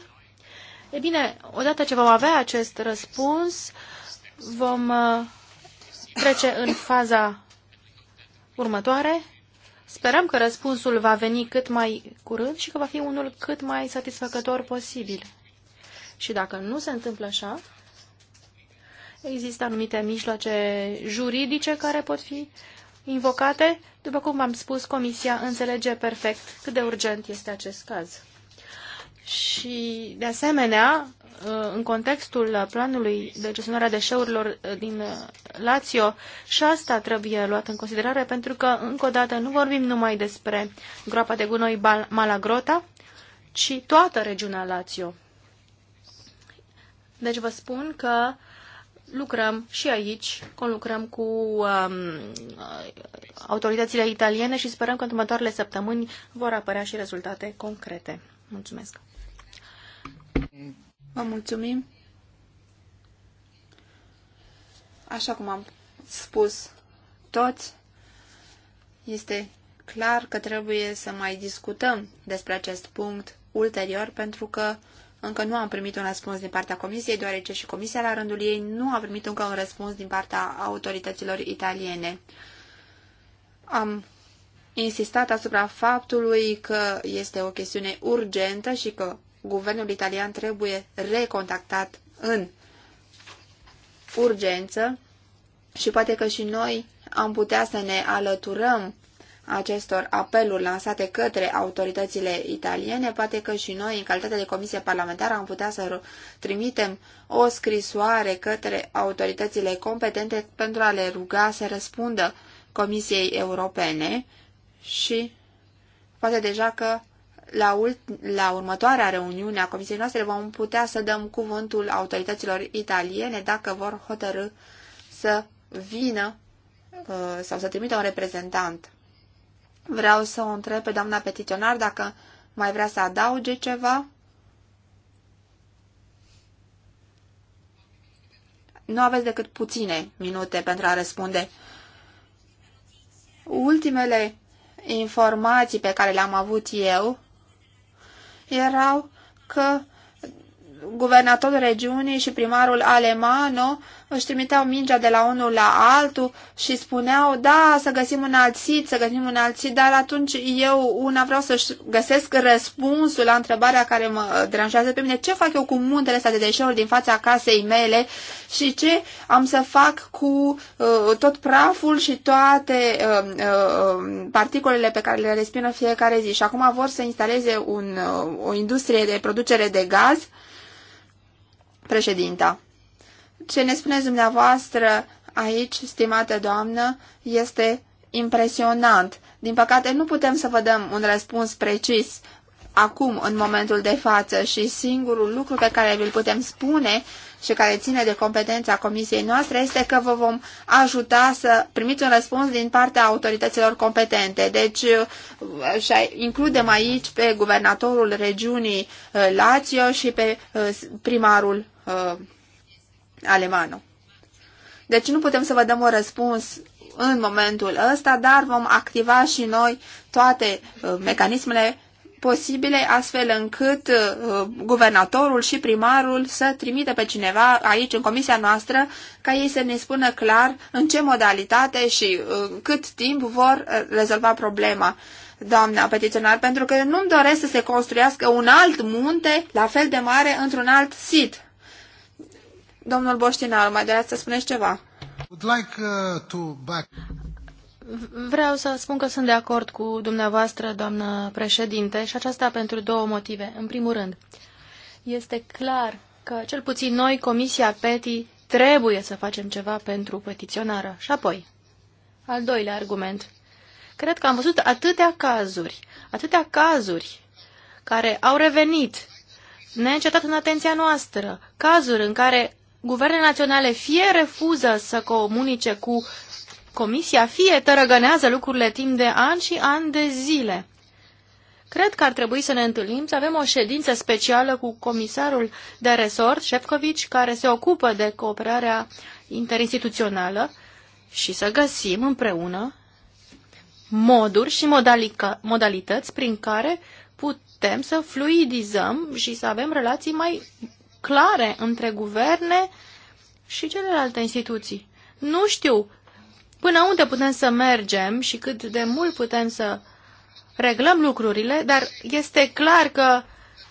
E bine, odată ce vom avea acest răspuns, vom uh, trece în faza următoare. Sperăm că răspunsul va veni cât mai curând și că va fi unul cât mai satisfăcător posibil. Și dacă nu se întâmplă așa, există anumite mijloace juridice care pot fi invocate. După cum am spus, Comisia înțelege perfect cât de urgent este acest caz. Și, de asemenea, în contextul planului de gestionare a deșeurilor din Lazio, și asta trebuie luat în considerare, pentru că, încă o dată, nu vorbim numai despre groapa de gunoi Malagrota, ci toată regiunea Lazio. Deci vă spun că lucrăm și aici, lucrăm cu um, autoritățile italiene și sperăm că în următoarele săptămâni vor apărea și rezultate concrete. Mulțumesc! Vă mulțumim. Așa cum am spus toți, este clar că trebuie să mai discutăm despre acest punct ulterior, pentru că încă nu am primit un răspuns din partea comisiei, deoarece și comisia la rândul ei nu a primit încă un răspuns din partea autorităților italiene. Am insistat asupra faptului că este o chestiune urgentă și că guvernul italian trebuie recontactat în urgență și poate că și noi am putea să ne alăturăm acestor apeluri lansate către autoritățile italiene, poate că și noi, în calitate de comisie parlamentară, am putea să trimitem o scrisoare către autoritățile competente pentru a le ruga să răspundă Comisiei Europene și poate deja că la, ult, la următoarea reuniune a comisiei noastre vom putea să dăm cuvântul autorităților italiene dacă vor hotărâ să vină uh, sau să trimită un reprezentant. Vreau să o întreb pe doamna petiționar dacă mai vrea să adauge ceva. Nu aveți decât puține minute pentru a răspunde. Ultimele informații pe care le-am avut eu erau că guvernatorul regiunii și primarul Alemano își trimiteau mingea de la unul la altul și spuneau, da, să găsim un alt sit, să găsim un alt sit, dar atunci eu una vreau să găsesc răspunsul la întrebarea care mă deranjează pe mine, ce fac eu cu muntele ăsta de deșeuri din fața casei mele și ce am să fac cu uh, tot praful și toate uh, uh, particolele pe care le respiră fiecare zi. Și acum vor să instaleze un, uh, o industrie de producere de gaz Președinta, ce ne spuneți dumneavoastră aici, stimată doamnă, este impresionant. Din păcate, nu putem să vă dăm un răspuns precis acum, în momentul de față și singurul lucru pe care vi-l putem spune și care ține de competența comisiei noastre este că vă vom ajuta să primiți un răspuns din partea autorităților competente. Deci și includem aici pe guvernatorul regiunii uh, Lazio și pe uh, primarul uh, Alemano. Deci nu putem să vă dăm un răspuns în momentul ăsta, dar vom activa și noi toate uh, mecanismele posibile, astfel încât uh, guvernatorul și primarul să trimite pe cineva aici, în comisia noastră, ca ei să ne spună clar în ce modalitate și uh, cât timp vor uh, rezolva problema. Doamna petiționar, pentru că nu-mi doresc să se construiască un alt munte la fel de mare într-un alt sit. Domnul Boștinaru, mai doreați să spuneți ceva? Would like, uh, to back... Vreau să spun că sunt de acord cu dumneavoastră, doamnă președinte, și aceasta pentru două motive. În primul rând, este clar că cel puțin noi, Comisia PETI, trebuie să facem ceva pentru petiționară. Și apoi, al doilea argument. Cred că am văzut atâtea cazuri, atâtea cazuri care au revenit neîncetat în atenția noastră, cazuri în care guvernele naționale fie refuză să comunice cu Comisia, fie tărăgănează lucrurile timp de ani și ani de zile. Cred că ar trebui să ne întâlnim, să avem o ședință specială cu comisarul de resort, Șefcovici, care se ocupă de cooperarea interinstituțională și să găsim împreună moduri și modalități prin care putem să fluidizăm și să avem relații mai clare între guverne și celelalte instituții. Nu știu până unde putem să mergem și cât de mult putem să reglăm lucrurile, dar este clar că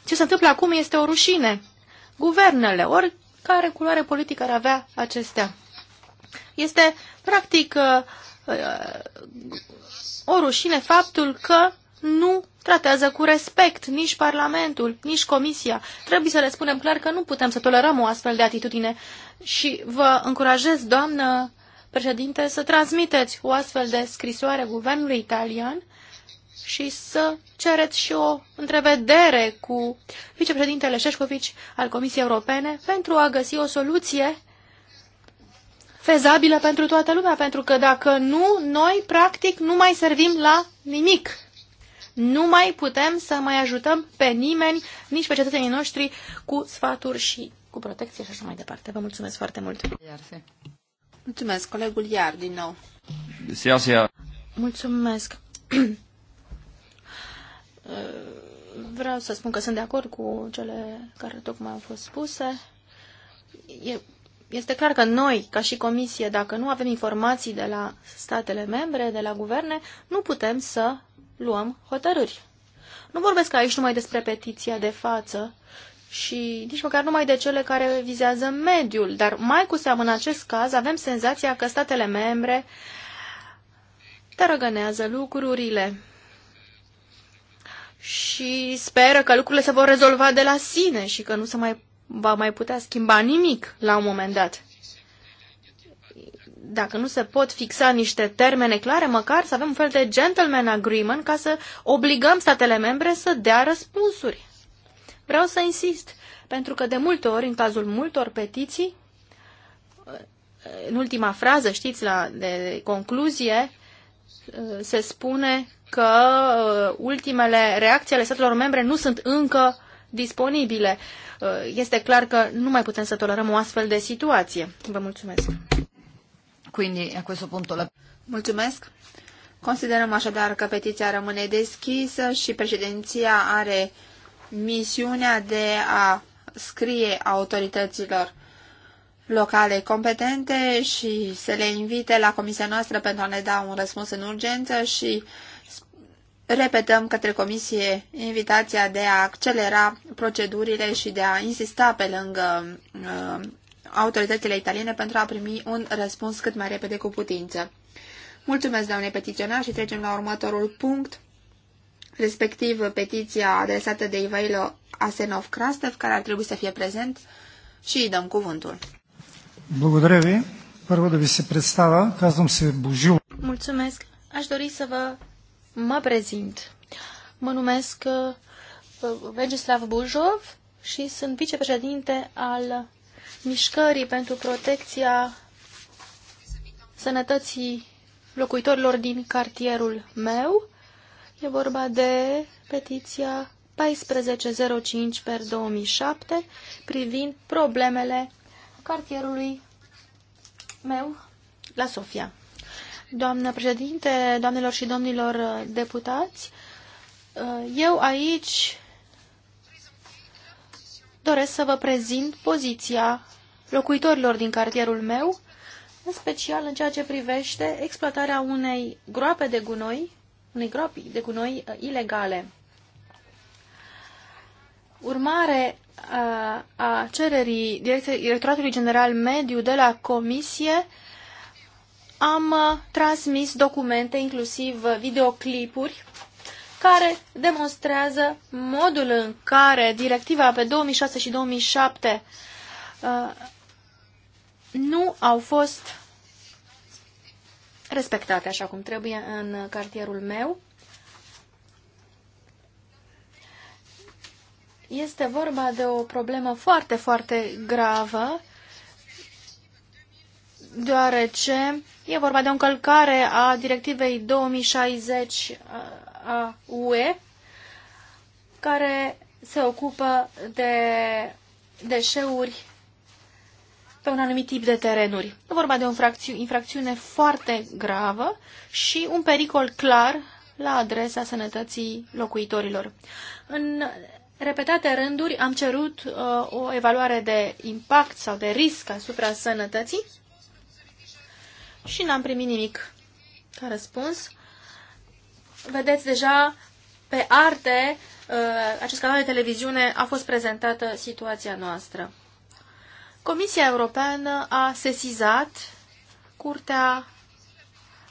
ce se întâmplă acum este o rușine. Guvernele, oricare culoare politică ar avea acestea. Este practic uh, uh, o rușine faptul că nu tratează cu respect nici Parlamentul, nici Comisia. Trebuie să le spunem clar că nu putem să tolerăm o astfel de atitudine și vă încurajez, doamnă președinte, să transmiteți o astfel de scrisoare guvernului italian și să cereți și o întrevedere cu vicepreședintele Șeșcovici al Comisiei Europene pentru a găsi o soluție fezabilă pentru toată lumea, pentru că dacă nu, noi practic nu mai servim la nimic nu mai putem să mai ajutăm pe nimeni, nici pe cetățenii noștri, cu sfaturi și cu protecție și așa mai departe. Vă mulțumesc foarte mult! Iarse. Mulțumesc, colegul Iar, din nou. Sia, Mulțumesc. [CLEARS THROAT] Uh, vreau să spun că sunt de acord cu cele care tocmai au fost spuse. E, este clar că noi, ca și comisie, dacă nu avem informații de la statele membre, de la guverne, nu putem să luăm hotărâri. Nu vorbesc aici numai despre petiția de față și nici măcar numai de cele care vizează mediul, dar mai cu seamă în acest caz avem senzația că statele membre tărăgănează lucrurile și speră că lucrurile se vor rezolva de la sine și că nu se mai va mai putea schimba nimic la un moment dat dacă nu se pot fixa niște termene clare, măcar să avem un fel de gentleman agreement ca să obligăm statele membre să dea răspunsuri. Vreau să insist, pentru că de multe ori, în cazul multor petiții, în ultima frază, știți, la de concluzie, se spune că uh, ultimele reacții ale statelor membre nu sunt încă disponibile. Uh, este clar că nu mai putem să tolerăm o astfel de situație. Vă mulțumesc! Quindi a questo punto la... Mulțumesc! Considerăm așadar că petiția rămâne deschisă și președinția are misiunea de a scrie autorităților locale competente și să le invite la comisia noastră pentru a ne da un răspuns în urgență și repetăm către comisie invitația de a accelera procedurile și de a insista pe lângă uh, autoritățile italiene pentru a primi un răspuns cât mai repede cu putință. Mulțumesc, doamne petiționar, și trecem la următorul punct, respectiv petiția adresată de Ivailo Asenov Krastev, care ar trebui să fie prezent și îi dăm cuvântul. Благодаря Първо да ви се представя. Казвам се Божил. Mulțumesc. Aș dori să vă mă prezint. Mă numesc uh, Vegeslav Bujov și sunt vicepreședinte al mișcării pentru protecția sănătății locuitorilor din cartierul meu. E vorba de petiția 1405 2007 privind problemele cartierului meu la Sofia. Doamnă președinte, doamnelor și domnilor deputați, eu aici doresc să vă prezint poziția locuitorilor din cartierul meu, în special în ceea ce privește exploatarea unei groape de gunoi, unei groapi de gunoi uh, ilegale. Urmare uh, a cererii Directoratului General Mediu de la Comisie, am uh, transmis documente, inclusiv videoclipuri, care demonstrează modul în care directiva pe 2006 și 2007 uh, nu au fost respectate așa cum trebuie în cartierul meu. Este vorba de o problemă foarte, foarte gravă, deoarece e vorba de o încălcare a directivei 2060 a UE care se ocupă de deșeuri pe un anumit tip de terenuri. E vorba de o infracțiune foarte gravă și un pericol clar la adresa sănătății locuitorilor. În repetate rânduri am cerut uh, o evaluare de impact sau de risc asupra sănătății și n-am primit nimic ca răspuns vedeți deja pe arte uh, acest canal de televiziune a fost prezentată situația noastră. Comisia Europeană a sesizat Curtea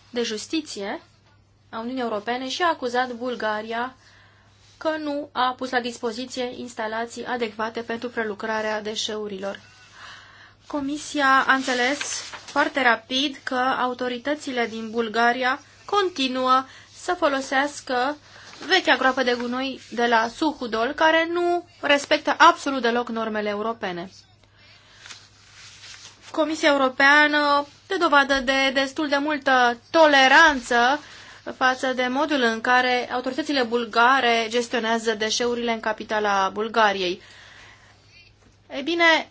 de Justiție a Uniunii Europene și a acuzat Bulgaria că nu a pus la dispoziție instalații adecvate pentru prelucrarea deșeurilor. Comisia a înțeles foarte rapid că autoritățile din Bulgaria continuă să folosească vechea groapă de gunoi de la Suhudol, care nu respectă absolut deloc normele europene. Comisia Europeană dă dovadă de destul de multă toleranță față de modul în care autoritățile bulgare gestionează deșeurile în capitala Bulgariei. Ei bine,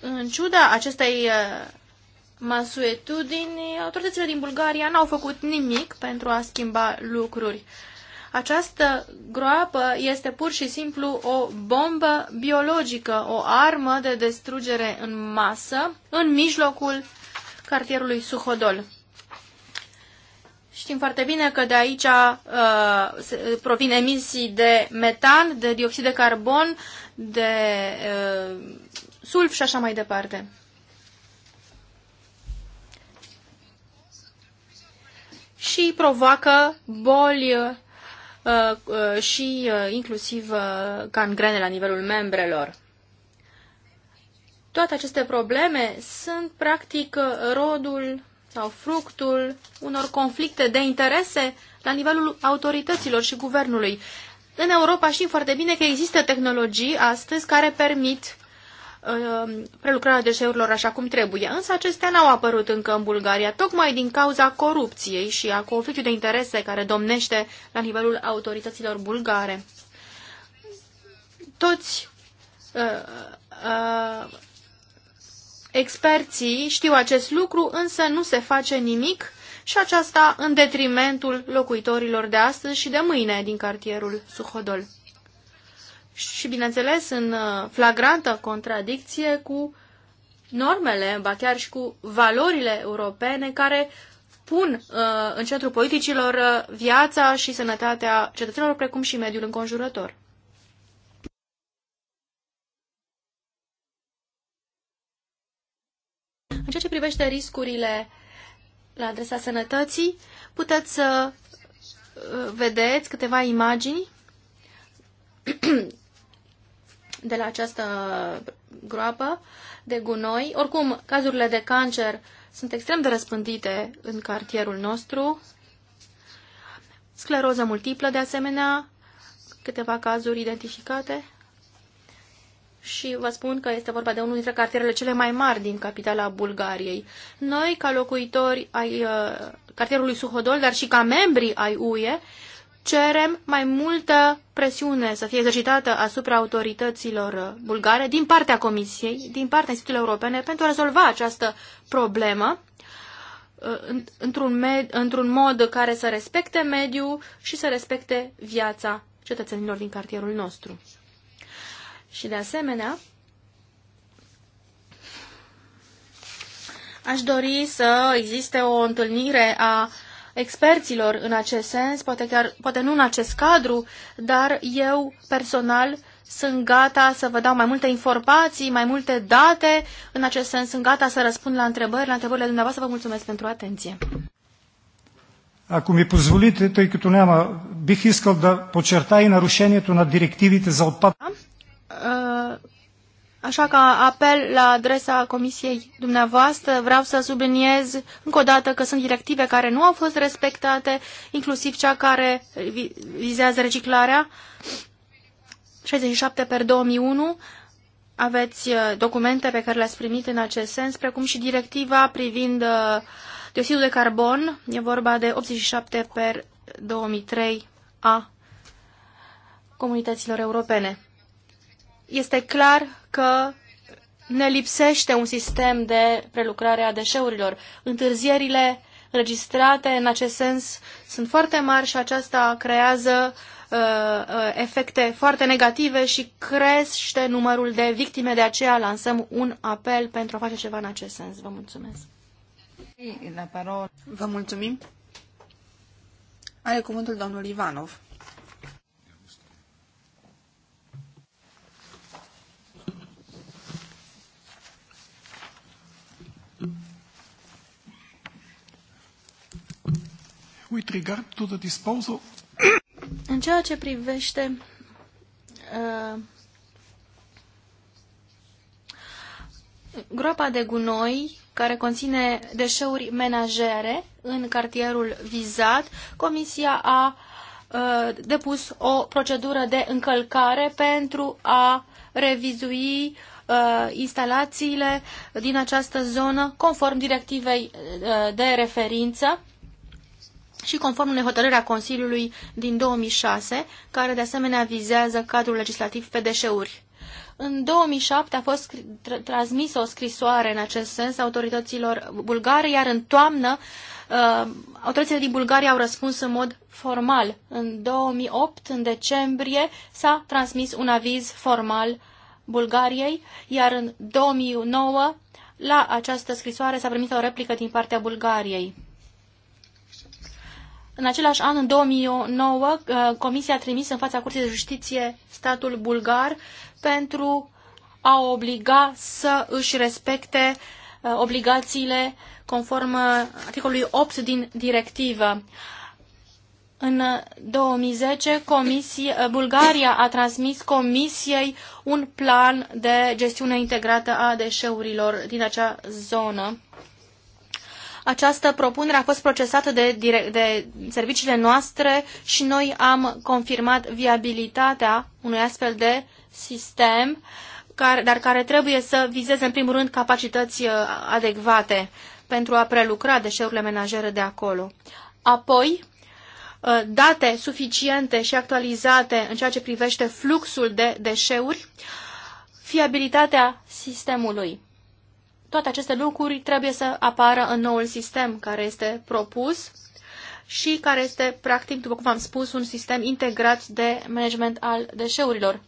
în ciuda acestei mansuetudini, autoritățile din Bulgaria n-au făcut nimic pentru a schimba lucruri. Această groapă este pur și simplu o bombă biologică, o armă de destrugere în masă, în mijlocul cartierului Suhodol. Știm foarte bine că de aici uh, se, provin emisii de metan, de dioxid de carbon, de uh, sulf și așa mai departe. și provoacă boli uh, uh, și uh, inclusiv gangrene la nivelul membrelor. Toate aceste probleme sunt practic rodul sau fructul unor conflicte de interese la nivelul autorităților și guvernului. În Europa știm foarte bine că există tehnologii astăzi care permit Uh, prelucrarea deșeurilor așa cum trebuie. Însă acestea n-au apărut încă în Bulgaria, tocmai din cauza corupției și a conflictului de interese care domnește la nivelul autorităților bulgare. Toți uh, uh, experții știu acest lucru, însă nu se face nimic și aceasta în detrimentul locuitorilor de astăzi și de mâine din cartierul Suhodol și, bineînțeles, în uh, flagrantă contradicție cu normele, ba chiar și cu valorile europene care pun uh, în centrul politicilor uh, viața și sănătatea cetățenilor, precum și mediul înconjurător. În ceea ce privește riscurile la adresa sănătății, puteți să uh, vedeți câteva imagini [CLEARS THROAT] de la această groapă de gunoi. Oricum, cazurile de cancer sunt extrem de răspândite în cartierul nostru. Scleroză multiplă, de asemenea, câteva cazuri identificate. Și vă spun că este vorba de unul dintre cartierele cele mai mari din capitala Bulgariei. Noi, ca locuitori ai uh, cartierului Suhodol, dar și ca membri ai UE, cerem mai multă presiune să fie exercitată asupra autorităților uh, bulgare din partea Comisiei, din partea instituțiilor europene, pentru a rezolva această problemă uh, într-un, med- într-un mod care să respecte mediul și să respecte viața cetățenilor din cartierul nostru. Și de asemenea, aș dori să existe o întâlnire a experților în acest sens, poate, chiar, poate nu în acest cadru, dar eu personal sunt gata să vă dau mai multe informații, mai multe date. În acest sens sunt gata să răspund la întrebări, la întrebările dumneavoastră. Vă mulțumesc pentru atenție. Ако ми позволите, тъй като няма, бих искал да подчертая и нарушението на директивите за отпад. Așa că apel la adresa comisiei dumneavoastră, vreau să subliniez încă o dată că sunt directive care nu au fost respectate, inclusiv cea care vizează reciclarea, 67 per 2001, aveți uh, documente pe care le-ați primit în acest sens, precum și directiva privind uh, dioxidul de carbon, e vorba de 87 per 2003 a comunităților europene. Este clar că ne lipsește un sistem de prelucrare a deșeurilor. Întârzierile registrate în acest sens sunt foarte mari și aceasta creează uh, uh, efecte foarte negative și crește numărul de victime. De aceea lansăm un apel pentru a face ceva în acest sens. Vă mulțumesc. Vă mulțumim. Are cuvântul domnul Ivanov. with regard to the disposal... În ceea ce privește uh, groapa de gunoi care conține deșeuri menajere în cartierul vizat, Comisia a uh, depus o procedură de încălcare pentru a revizui uh, instalațiile din această zonă conform directivei uh, de referință și conform unei hotărâri a Consiliului din 2006, care de asemenea vizează cadrul legislativ pe deșeuri. În 2007 a fost tr transmisă o scrisoare în acest sens autorităților bulgare, iar în toamnă uh, autoritățile din Bulgaria au răspuns în mod formal. În 2008, în decembrie, s-a transmis un aviz formal Bulgariei, iar în 2009 la această scrisoare s-a primit o replică din partea Bulgariei. În același an, în 2009, uh, Comisia a trimis în fața Curții de Justiție statul bulgar pentru a obliga să își respecte uh, obligațiile conform uh, articolului 8 din directivă. În 2010, Comisia, Bulgaria a transmis Comisiei un plan de gestiune integrată a deșeurilor din acea zonă. Această propunere a fost procesată de, de serviciile noastre și noi am confirmat viabilitatea unui astfel de sistem, care, dar care trebuie să vizeze în primul rând capacități uh, adecvate pentru a prelucra deșeurile menajere de acolo. Apoi, uh, date suficiente și actualizate în ceea ce privește fluxul de deșeuri, fiabilitatea sistemului. Toate aceste lucruri trebuie să apară în noul sistem care este propus și care este, practic, după cum am spus, un sistem integrat de management al deșeurilor.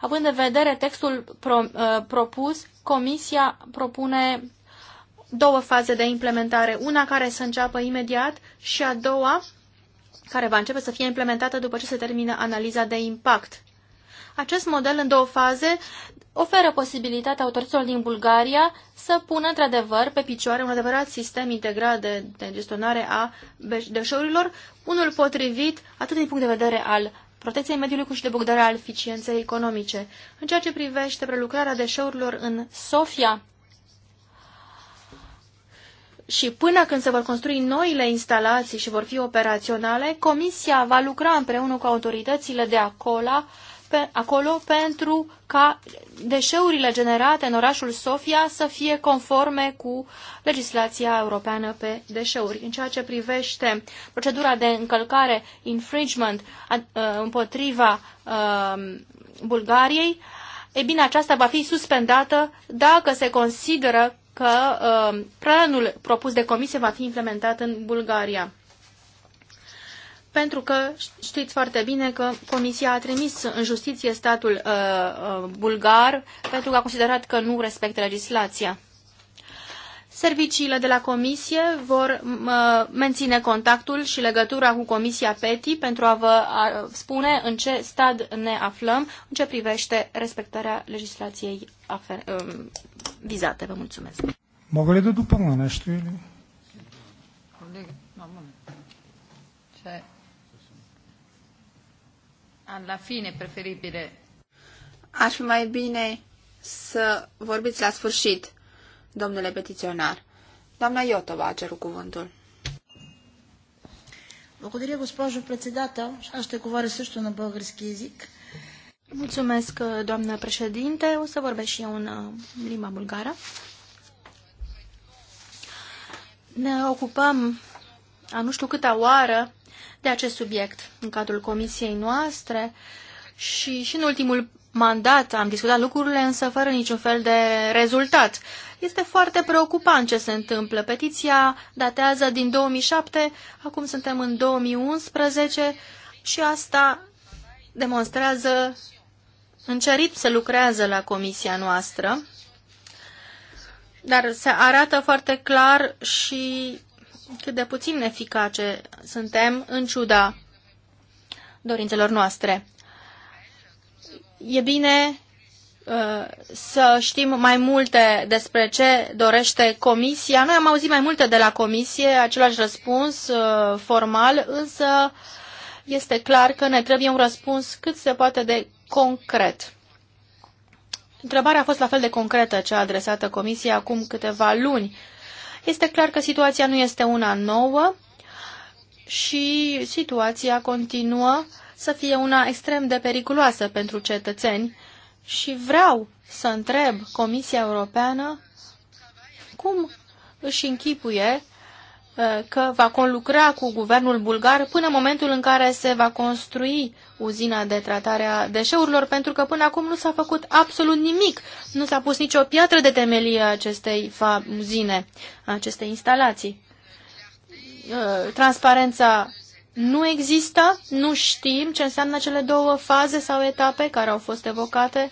Având în vedere textul pro, uh, propus, Comisia propune două faze de implementare, una care să înceapă imediat și a doua care va începe să fie implementată după ce se termină analiza de impact. Acest model în două faze oferă posibilitatea autorităților din Bulgaria să pună într-adevăr pe picioare un adevărat sistem integrat de, de gestionare a deșeurilor, unul potrivit atât din punct de vedere al protecției mediului cât și de punct al eficienței economice. În ceea ce privește prelucrarea deșeurilor în Sofia, și până când se vor construi noile instalații și vor fi operaționale, Comisia va lucra împreună cu autoritățile de acolo pe, acolo pentru ca deșeurile generate în orașul Sofia să fie conforme cu legislația europeană pe deșeuri. În ceea ce privește procedura de încălcare, infringement, împotriva Bulgariei, e bine, aceasta va fi suspendată dacă se consideră că planul propus de comisie va fi implementat în Bulgaria pentru că știți foarte bine că Comisia a trimis în justiție statul uh, uh, bulgar pentru că a considerat că nu respectă legislația. Serviciile de la Comisie vor uh, menține contactul și legătura cu Comisia PETI pentru a vă a, spune în ce stad ne aflăm în ce privește respectarea legislației afer, uh, vizate. Vă mulțumesc. Могу ли да допълня нещо или? La fine preferibile. Aș fi mai bine să vorbiți la sfârșit, domnule petiționar. Doamna Iotă va ceru cuvântul. Благодаря, госпожо председател. Аз ще говоря също на български язик. Mulțumesc, doamnă președinte. O să vorbesc și eu în limba bulgară. Ne ocupăm a nu știu câta oară de acest subiect în cadrul comisiei noastre și, și în ultimul mandat am discutat lucrurile, însă fără niciun fel de rezultat. Este foarte preocupant ce se întâmplă. Petiția datează din 2007, acum suntem în 2011 și asta demonstrează încerit se lucrează la comisia noastră, dar se arată foarte clar și cât de puțin eficace suntem în ciuda dorințelor noastre. E bine uh, să știm mai multe despre ce dorește Comisia. Noi am auzit mai multe de la Comisie, același răspuns uh, formal, însă este clar că ne trebuie un răspuns cât se poate de concret. Întrebarea a fost la fel de concretă cea adresată Comisiei acum câteva luni. Este clar că situația nu este una nouă și situația continuă să fie una extrem de periculoasă pentru cetățeni și vreau să întreb Comisia Europeană cum își închipuie Uh, că va conlucra cu guvernul bulgar până în momentul în care se va construi uzina de tratare a deșeurilor, pentru că până acum nu s-a făcut absolut nimic. Nu s-a pus nicio piatră de temelie acestei uzine, acestei instalații. Uh, transparența nu există, nu știm ce înseamnă cele două faze sau etape care au fost evocate.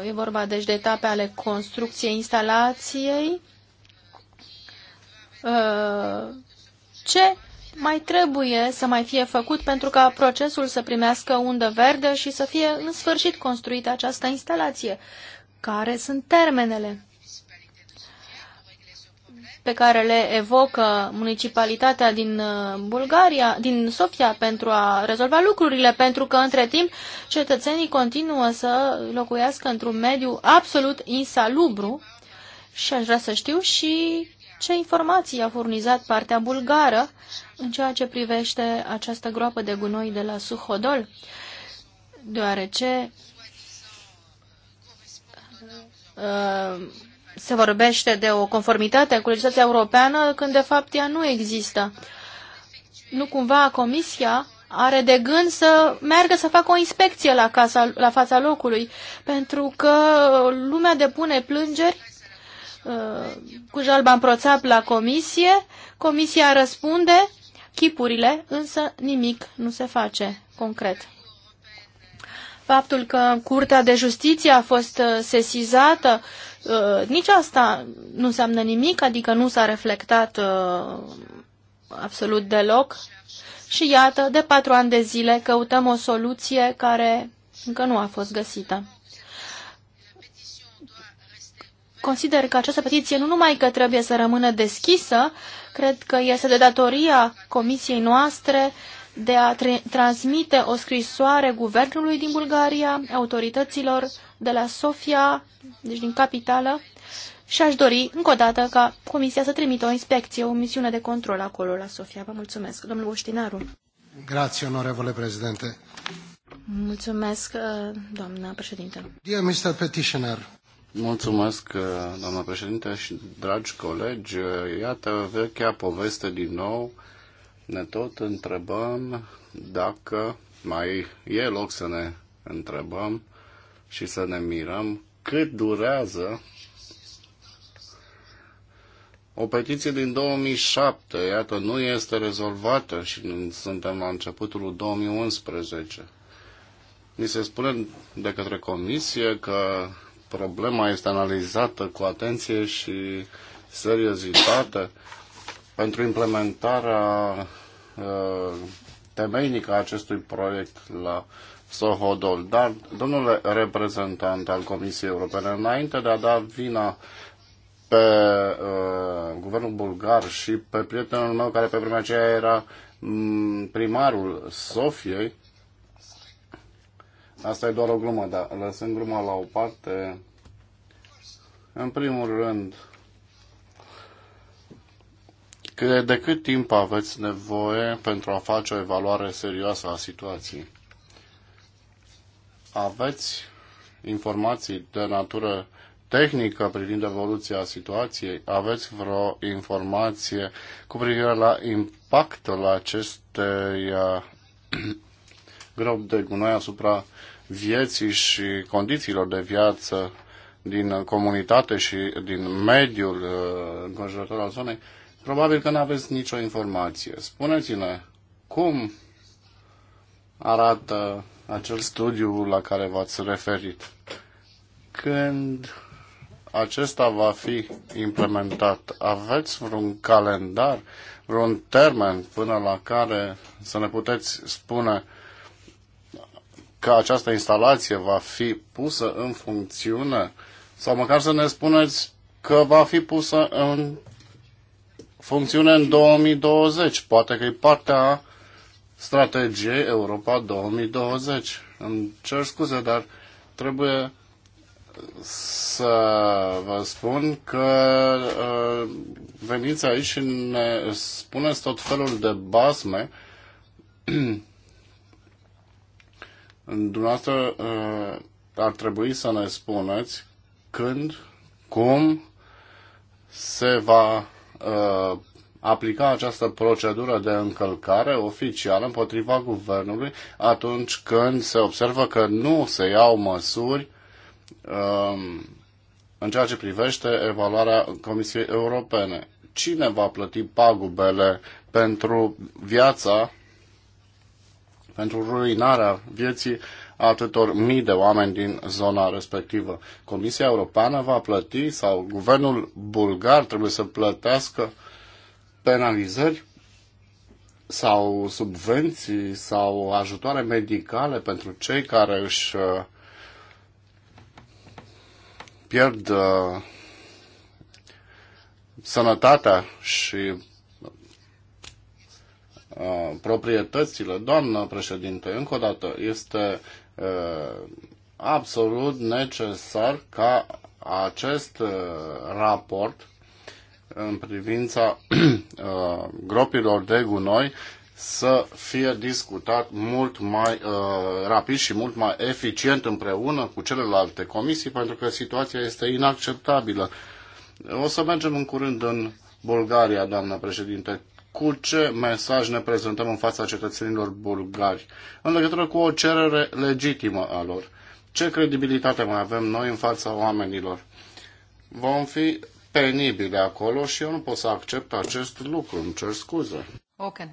Uh, e vorba deci de etape ale construcției instalației Uh, ce mai trebuie să mai fie făcut pentru ca procesul să primească undă verde și să fie în sfârșit construită această instalație. Care sunt termenele pe care le evocă municipalitatea din uh, Bulgaria, din Sofia, pentru a rezolva lucrurile, pentru că între timp cetățenii continuă să locuiască într-un mediu absolut insalubru și aș vrea să știu și ce informații a furnizat partea bulgară în ceea ce privește această groapă de gunoi de la Suhodol, deoarece uh, se vorbește de o conformitate cu legislația europeană când de fapt ea nu există. Nu cumva Comisia are de gând să meargă să facă o inspecție la, casa, la fața locului, pentru că lumea depune plângeri Uh, cu jalba în proțap la comisie, comisia răspunde chipurile, însă nimic nu se face concret. Faptul că Curtea de Justiție a fost uh, sesizată, uh, nici asta nu înseamnă nimic, adică nu s-a reflectat absolut deloc. Și iată, de patru ani de zile căutăm o soluție care încă nu a fost găsită. consider că această petiție nu numai că trebuie să rămână deschisă, cred că este de datoria comisiei noastre de a tr transmite o scrisoare guvernului din Bulgaria, autorităților de la Sofia, deci din capitală, și aș dori încă o dată ca Comisia să trimită o inspecție, o misiune de control acolo la Sofia. Vă mulțumesc. Domnul Boștinaru. Grație, onorevole președinte. Mulțumesc, uh, doamna președinte. Dear Mr. Petitioner, Mulțumesc, uh, doamna președinte și dragi colegi. Uh, iată vechea poveste din nou. Ne tot întrebăm dacă mai e loc să ne întrebăm și să ne mirăm cât durează o petiție din 2007, iată, nu este rezolvată și suntem la începutul 2011. Mi se spune de către comisie că problema este analizată cu atenție și seriozitate pentru implementarea uh, temeinică a acestui proiect la Sohodol. Dar, domnule reprezentant al Comisiei Europene, înainte de a da vina pe uh, guvernul bulgar și pe prietenul meu care pe vremea aceea era mm, primarul Sofiei, Asta e doar o glumă, dar lăsând gluma la o parte, în primul rând, că de cât timp aveți nevoie pentru a face o evaluare serioasă a situației? Aveți informații de natură tehnică privind evoluția situației? Aveți vreo informație cu privire la impactul acestei uh, [CLEARS THROAT] grob de gunoi asupra vieții și condițiilor de viață din comunitate și din mediul uh, înconjurător al zonei, probabil că nu aveți nicio informație. Spuneți-ne cum arată acel studiu la care v-ați referit. Când acesta va fi implementat, aveți vreun calendar, vreun termen până la care să ne puteți spune că această instalație va fi pusă în funcțiune? Sau măcar să ne spuneți că va fi pusă în funcțiune în 2020. Poate că e partea strategiei Europa 2020. Îmi cer scuze, dar trebuie să vă spun că uh, veniți aici și ne spuneți tot felul de basme [CLEARS THROAT] Dumneavoastră uh, ar trebui să ne spuneți când, cum se va uh, aplica această procedură de încălcare oficială împotriva guvernului atunci când se observă că nu se iau măsuri um, în ceea ce privește evaluarea Comisiei Europene. Cine va plăti pagubele pentru viața pentru ruinarea vieții atâtor mii de oameni din zona respectivă. Comisia Europeană va plăti sau guvernul bulgar trebuie să plătească penalizări sau subvenții sau ajutoare medicale pentru cei care își uh, pierd uh, sănătatea și proprietățile. Doamnă președinte, încă o dată, este absolut necesar ca acest raport în privința [CLEARS THROAT] gropilor de gunoi să fie discutat mult mai uh, rapid și mult mai eficient împreună cu celelalte comisii, pentru că situația este inacceptabilă. O să mergem în curând în Bulgaria, doamnă președinte cu ce mesaj ne prezentăm în fața cetățenilor bulgari în legătură cu o cerere legitimă a lor. Ce credibilitate mai avem noi în fața oamenilor? Vom fi penibile acolo și eu nu pot să accept acest lucru. Îmi cer scuze. Oken.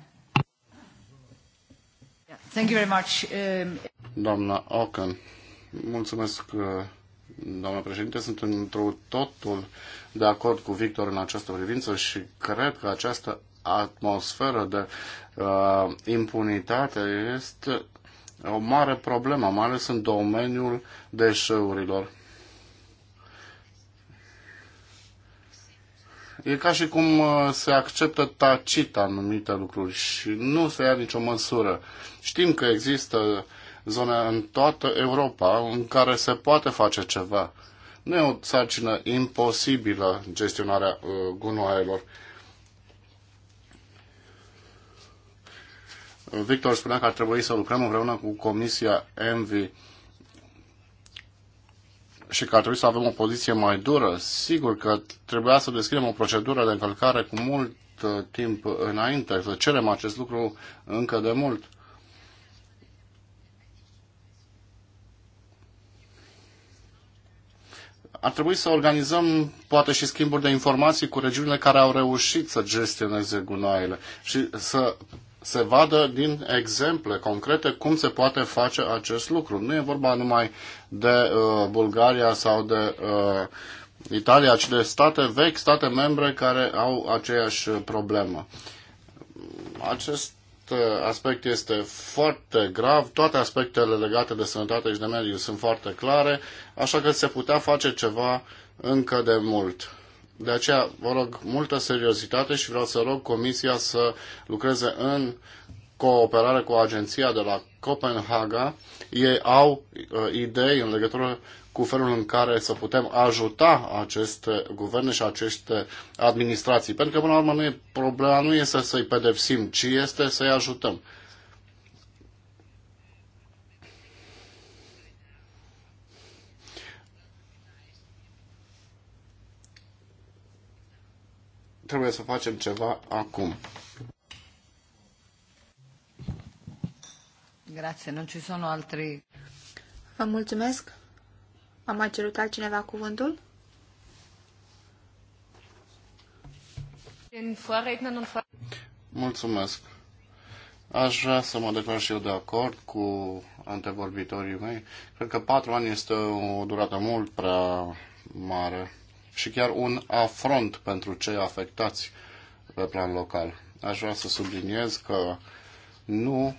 Thank you very much. Um, doamna Oken, mulțumesc, uh, doamna președinte. Sunt într totul de acord cu Victor în această privință și cred că această atmosferă de uh, impunitate este o mare problemă, mai ales în domeniul deșeurilor. E ca și cum uh, se acceptă tacit anumite lucruri și nu se ia nicio măsură. Știm că există zone în toată Europa în care se poate face ceva. Nu e o sarcină imposibilă gestionarea uh, gunoaielor. Victor spunea că ar trebui să lucrăm împreună cu Comisia Envy și că ar trebui să avem o poziție mai dură. Sigur că trebuia să descriem o procedură de încălcare cu mult uh, timp înainte, să cerem acest lucru încă de mult. ar trebui să organizăm poate și schimburi de informații cu regiunile care au reușit să gestioneze gunoaiele și să se vadă din exemple concrete cum se poate face acest lucru. Nu e vorba numai de uh, Bulgaria sau de uh, Italia, ci de state vechi, state membre care au aceeași problemă. Acest uh, aspect este foarte grav, toate aspectele legate de sănătate și de mediu sunt foarte clare, așa că se putea face ceva încă de mult. De aceea vă rog multă seriozitate și vreau să rog Comisia să lucreze în cooperare cu agenția de la Copenhaga. Ei au uh, idei în legătură cu felul în care să putem ajuta aceste guverne și aceste administrații. Pentru că, până la urmă, nu e, problema nu este să-i pedepsim, ci este să-i ajutăm. trebuie să facem ceva acum. Grazie, non ci sono altri. Vă mulțumesc. Am mai cerut altcineva cuvântul? Mulțumesc. Aș vrea să mă declar și eu de acord cu antevorbitorii mei. Cred că patru ani este o durată mult prea mare și chiar un afront pentru cei afectați pe plan local. Aș vrea să subliniez că nu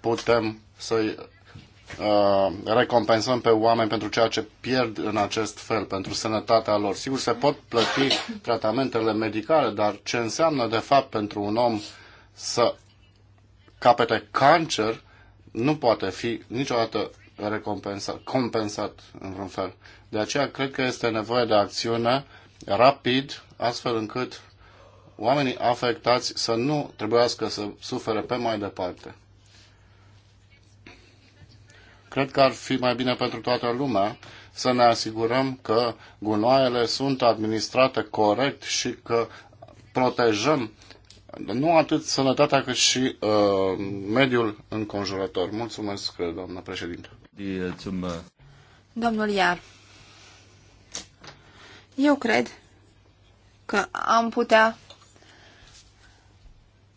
putem să-i uh, recompensăm pe oameni pentru ceea ce pierd în acest fel, pentru sănătatea lor. Sigur, se pot plăti tratamentele medicale, dar ce înseamnă de fapt pentru un om să capete cancer nu poate fi niciodată recompensat, compensat în vreun fel. De aceea cred că este nevoie de acțiune rapid, astfel încât oamenii afectați să nu trebuiască să sufere pe mai departe. Cred că ar fi mai bine pentru toată lumea să ne asigurăm că gunoaiele sunt administrate corect și că protejăm nu atât sănătatea cât și uh, mediul înconjurător. Mulțumesc, doamnă președinte. Eh, eh, Domnul Iar, eu cred că am putea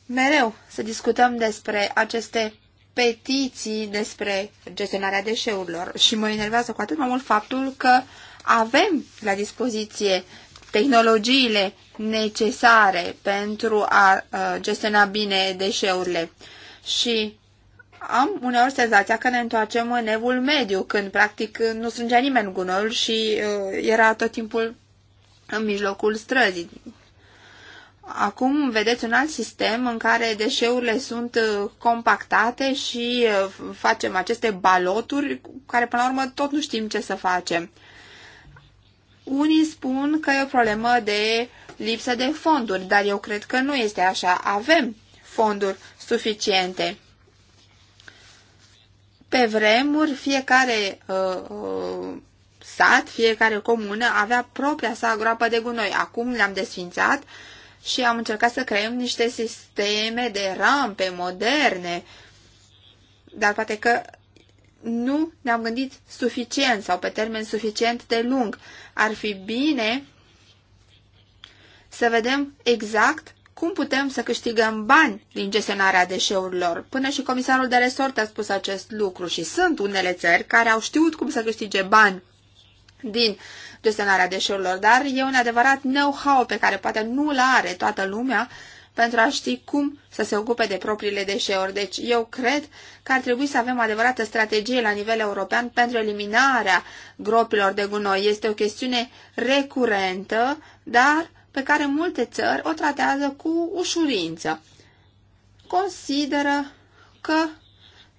mereu să discutăm despre aceste petiții despre gestionarea deșeurilor și mă enervează cu atât mai mult faptul că avem la dispoziție tehnologiile necesare pentru a, a eh, gestiona bine deșeurile și am uneori senzația că ne întoarcem în evul mediu, când practic nu strângea nimeni gunoiul și uh, era tot timpul în mijlocul străzii. Acum vedeți un alt sistem în care deșeurile sunt uh, compactate și uh, facem aceste baloturi care până la urmă tot nu știm ce să facem. Unii spun că e o problemă de lipsă de fonduri, dar eu cred că nu este așa. Avem fonduri suficiente. Pe vremuri, fiecare uh, uh, sat, fiecare comună avea propria sa groapă de gunoi. Acum le-am desfințat și am încercat să creăm niște sisteme de rampe moderne, dar poate că nu ne-am gândit suficient sau pe termen suficient de lung. Ar fi bine să vedem exact cum putem să câștigăm bani din gestionarea deșeurilor. Până și comisarul de resort a spus acest lucru și sunt unele țări care au știut cum să câștige bani din gestionarea deșeurilor, dar e un adevărat know-how pe care poate nu-l are toată lumea pentru a ști cum să se ocupe de propriile deșeuri. Deci eu cred că ar trebui să avem adevărată strategie la nivel european pentru eliminarea gropilor de gunoi. Este o chestiune recurentă, dar pe care multe țări o tratează cu ușurință. Consideră că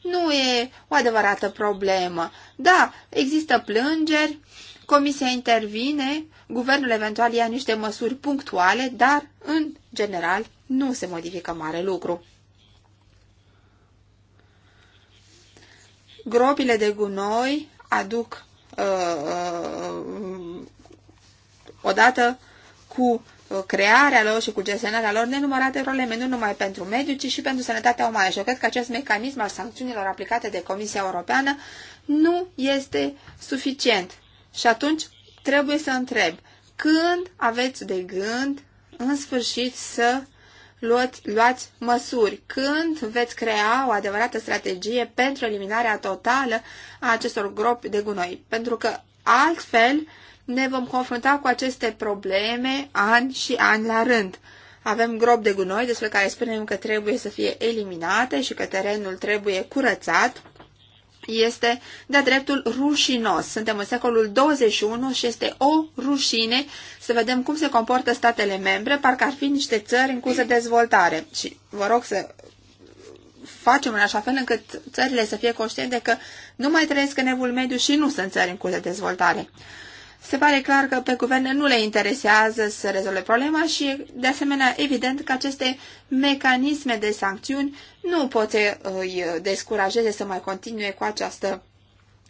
nu e o adevărată problemă. Da, există plângeri, comisia intervine, guvernul eventual ia niște măsuri punctuale, dar, în general, nu se modifică mare lucru. Gropile de gunoi aduc uh, uh, odată cu uh, crearea lor și cu gestionarea lor nenumărate probleme, nu numai pentru mediu, ci și pentru sănătatea umană. Și eu cred că acest mecanism al sancțiunilor aplicate de Comisia Europeană nu este suficient. Și atunci trebuie să întreb, când aveți de gând, în sfârșit, să luați, luați măsuri, când veți crea o adevărată strategie pentru eliminarea totală a acestor gropi de gunoi. Pentru că altfel ne vom confrunta cu aceste probleme ani și ani la rând. Avem grob de gunoi despre care spunem că trebuie să fie eliminate și că terenul trebuie curățat. Este de dreptul rușinos. Suntem în secolul 21 și este o rușine să vedem cum se comportă statele membre, parcă ar fi niște țări în curs de dezvoltare. Și vă rog să facem în așa fel încât țările să fie conștiente că nu mai trăiesc în evul mediu și nu sunt țări în curs de dezvoltare. Se pare clar că pe guverne nu le interesează să rezolve problema și, de asemenea, evident că aceste mecanisme de sancțiuni nu pot să îi descurajeze să mai continue cu această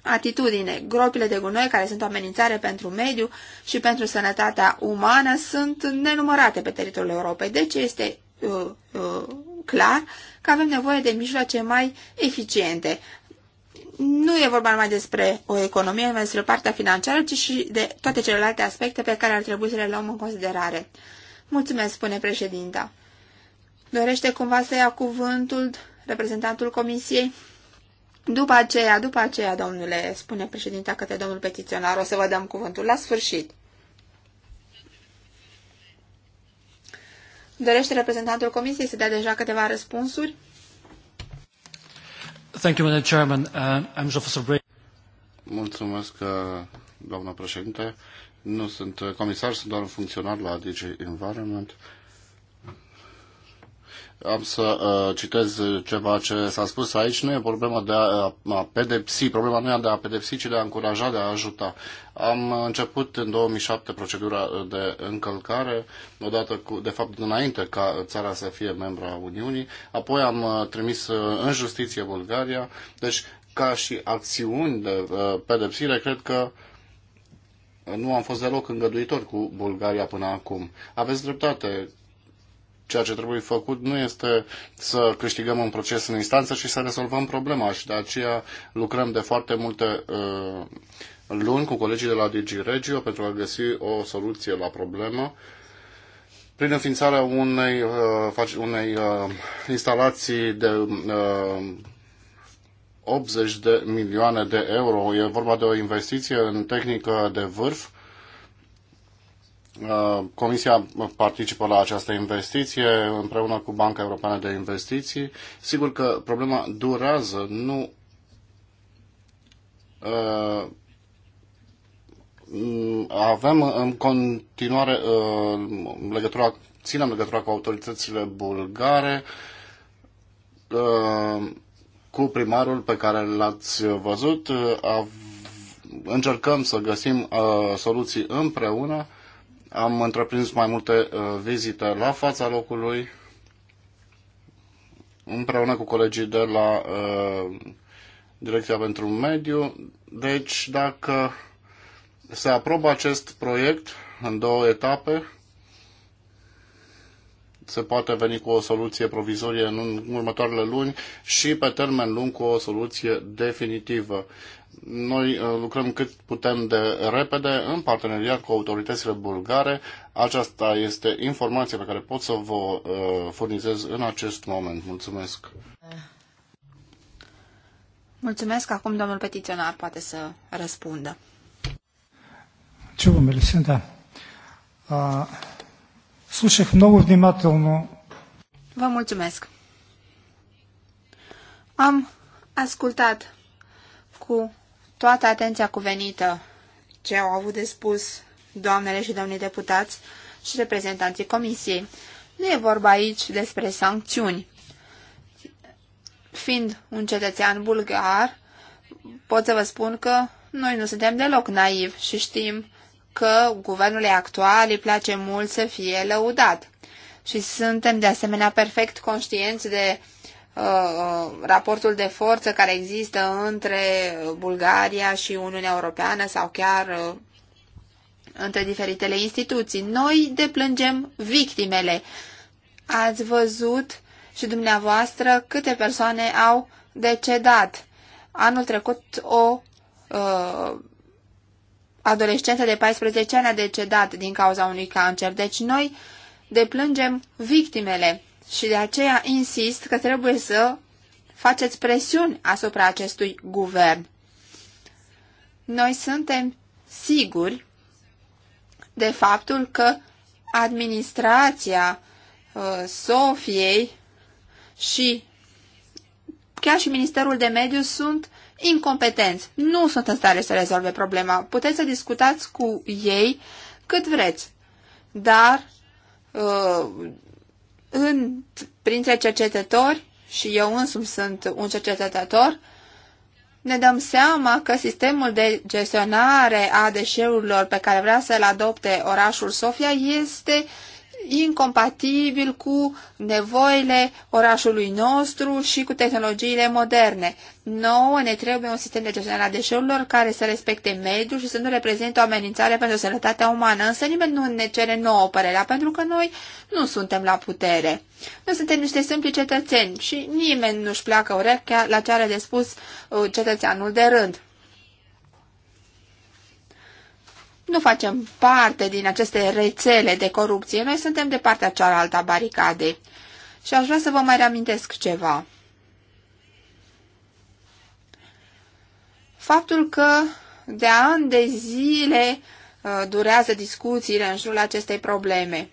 atitudine. Gropile de gunoi care sunt o amenințare pentru mediu și pentru sănătatea umană sunt nenumărate pe teritoriul Europei, deci este uh, uh, clar că avem nevoie de mijloace mai eficiente nu e vorba numai despre o economie, numai despre partea financiară, ci și de toate celelalte aspecte pe care ar trebui să le luăm în considerare. Mulțumesc, spune președinta. Dorește cumva să ia cuvântul reprezentantul comisiei? După aceea, după aceea, domnule, spune președinta către domnul petiționar, o să vă dăm cuvântul la sfârșit. Dorește reprezentantul comisiei să dea deja câteva răspunsuri? Thank you, Madam Chairman. Uh, I'm Joseph Bray. Mulțumesc, uh, doamna președinte. Nu sunt uh, comisar, sunt doar un funcționar la DG Environment. Am să uh, citez ceva ce s-a spus aici. Nu e problema de a, a pedepsi, problema nu e de a pedepsi, ci de a încuraja, de a ajuta. Am început în 2007 procedura de încălcare, odată cu, de fapt înainte ca țara să fie membra Uniunii, apoi am uh, trimis uh, în justiție Bulgaria, deci ca și acțiuni de uh, pedepsire, cred că nu am fost deloc îngăduitor cu Bulgaria până acum. Aveți dreptate, ceea ce trebuie făcut nu este să câștigăm un proces în instanță și să rezolvăm problema și de aceea lucrăm de foarte multe uh, luni cu colegii de la Regio pentru a găsi o soluție la problemă prin înființarea unei, uh, unei uh, instalații de uh, 80 de milioane de euro. E vorba de o investiție în tehnică de vârf Uh, Comisia participă la această investiție împreună cu Banca Europeană de Investiții. Sigur că problema durează, nu uh, avem în continuare uh, legătura, ținem legătura cu autoritățile bulgare, cu primarul pe care l-ați văzut, încercăm să găsim soluții împreună am întreprins mai multe uh, vizite la fața locului împreună cu colegii de la uh, Direcția pentru Mediu. Deci, dacă se aprobă acest proiect în două etape, se poate veni cu o soluție provizorie în următoarele luni și pe termen lung cu o soluție definitivă noi uh, lucrăm cât putem de repede în parteneriat cu autoritățile bulgare. Aceasta este informația pe care pot să vă uh, furnizez în acest moment. Mulțumesc! Mulțumesc. Acum domnul petiționar poate să răspundă. Ce vă Мелисинда? Слушах много внимателно. Vă mulțumesc. Am ascultat cu toată atenția cuvenită ce au avut de spus doamnele și domnii deputați și reprezentanții comisiei. Nu e vorba aici despre sancțiuni. Fiind un cetățean bulgar, pot să vă spun că noi nu suntem deloc naivi și știm că guvernului actual îi place mult să fie lăudat. Și suntem de asemenea perfect conștienți de raportul de forță care există între Bulgaria și Uniunea Europeană sau chiar uh, între diferitele instituții. Noi deplângem victimele. Ați văzut și dumneavoastră câte persoane au decedat. Anul trecut o uh, adolescentă de 14 ani a decedat din cauza unui cancer. Deci noi deplângem victimele și de aceea insist că trebuie să faceți presiuni asupra acestui guvern. Noi suntem siguri de faptul că administrația uh, Sofiei și chiar și Ministerul de Mediu sunt incompetenți. Nu sunt în stare să rezolve problema. Puteți să discutați cu ei cât vreți, dar uh, în, printre cercetători, și eu însumi sunt un cercetător, ne dăm seama că sistemul de gestionare a deșeurilor pe care vrea să-l adopte orașul Sofia este uh, incompatibil cu nevoile orașului nostru și cu tehnologiile moderne. Nouă ne trebuie un sistem de gestionare a deșeurilor care să respecte mediul și să nu reprezinte o amenințare pentru sănătatea umană, însă nimeni nu ne cere nouă părerea, pentru că noi nu suntem la putere. Nu suntem niște simpli cetățeni și nimeni nu-și pleacă urechea la ce are de spus uh, cetățeanul de rând. nu facem parte din aceste rețele de corupție, noi suntem de partea cealaltă a baricadei. Și aș vrea să vă mai reamintesc ceva. Faptul că de ani de zile uh, durează discuțiile în jurul acestei probleme.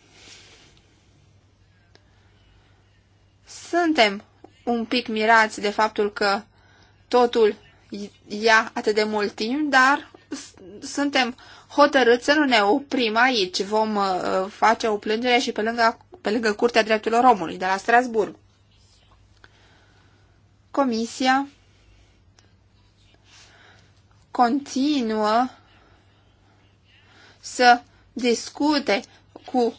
Suntem un pic mirați de faptul că totul ia atât de mult timp, dar suntem hotărât să nu ne oprim aici. Vom uh, face o plângere și pe lângă, pe lângă Curtea Drepturilor Omului de la Strasburg. Comisia continuă să discute cu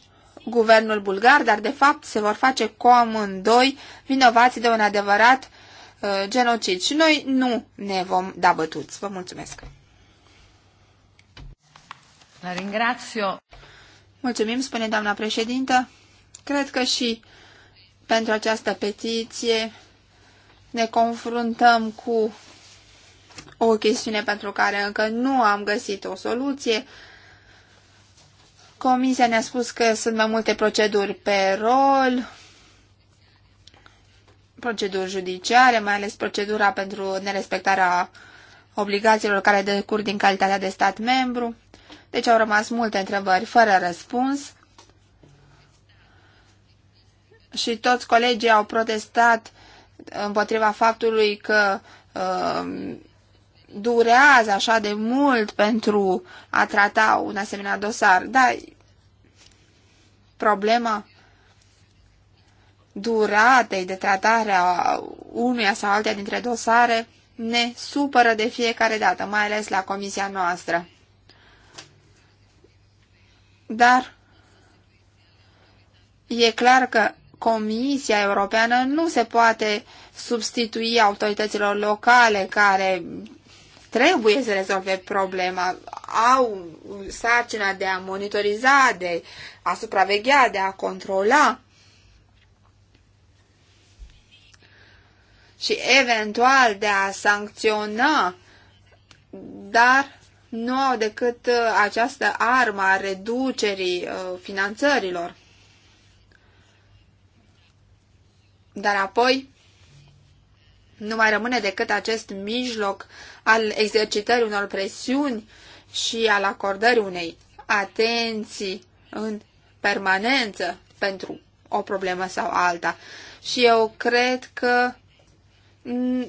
guvernul bulgar, dar de fapt se vor face cu amândoi vinovați de un adevărat uh, genocid și noi nu ne vom da bătuți. Vă mulțumesc! Ringrazio. Mulțumim, spune doamna președintă. Cred că și pentru această petiție ne confruntăm cu o chestiune pentru care încă nu am găsit o soluție. Comisia ne-a spus că sunt mai multe proceduri pe rol, proceduri judiciare, mai ales procedura pentru nerespectarea obligațiilor care decur din calitatea de stat membru. Deci au rămas multe întrebări fără răspuns și toți colegii au protestat împotriva faptului că uh, durează așa de mult pentru a trata un asemenea dosar. Dar problema duratei de tratare a unuia sau altea dintre dosare ne supără de fiecare dată, mai ales la comisia noastră dar e clar că Comisia Europeană nu se poate substitui autorităților locale care trebuie să rezolve problema, au sarcina de a monitoriza, de a supraveghea, de a controla. și eventual de a sancționa, dar nu au decât uh, această armă a reducerii uh, finanțărilor. Dar apoi nu mai rămâne decât acest mijloc al exercitării unor presiuni și al acordării unei atenții în permanență pentru o problemă sau alta. Și eu cred că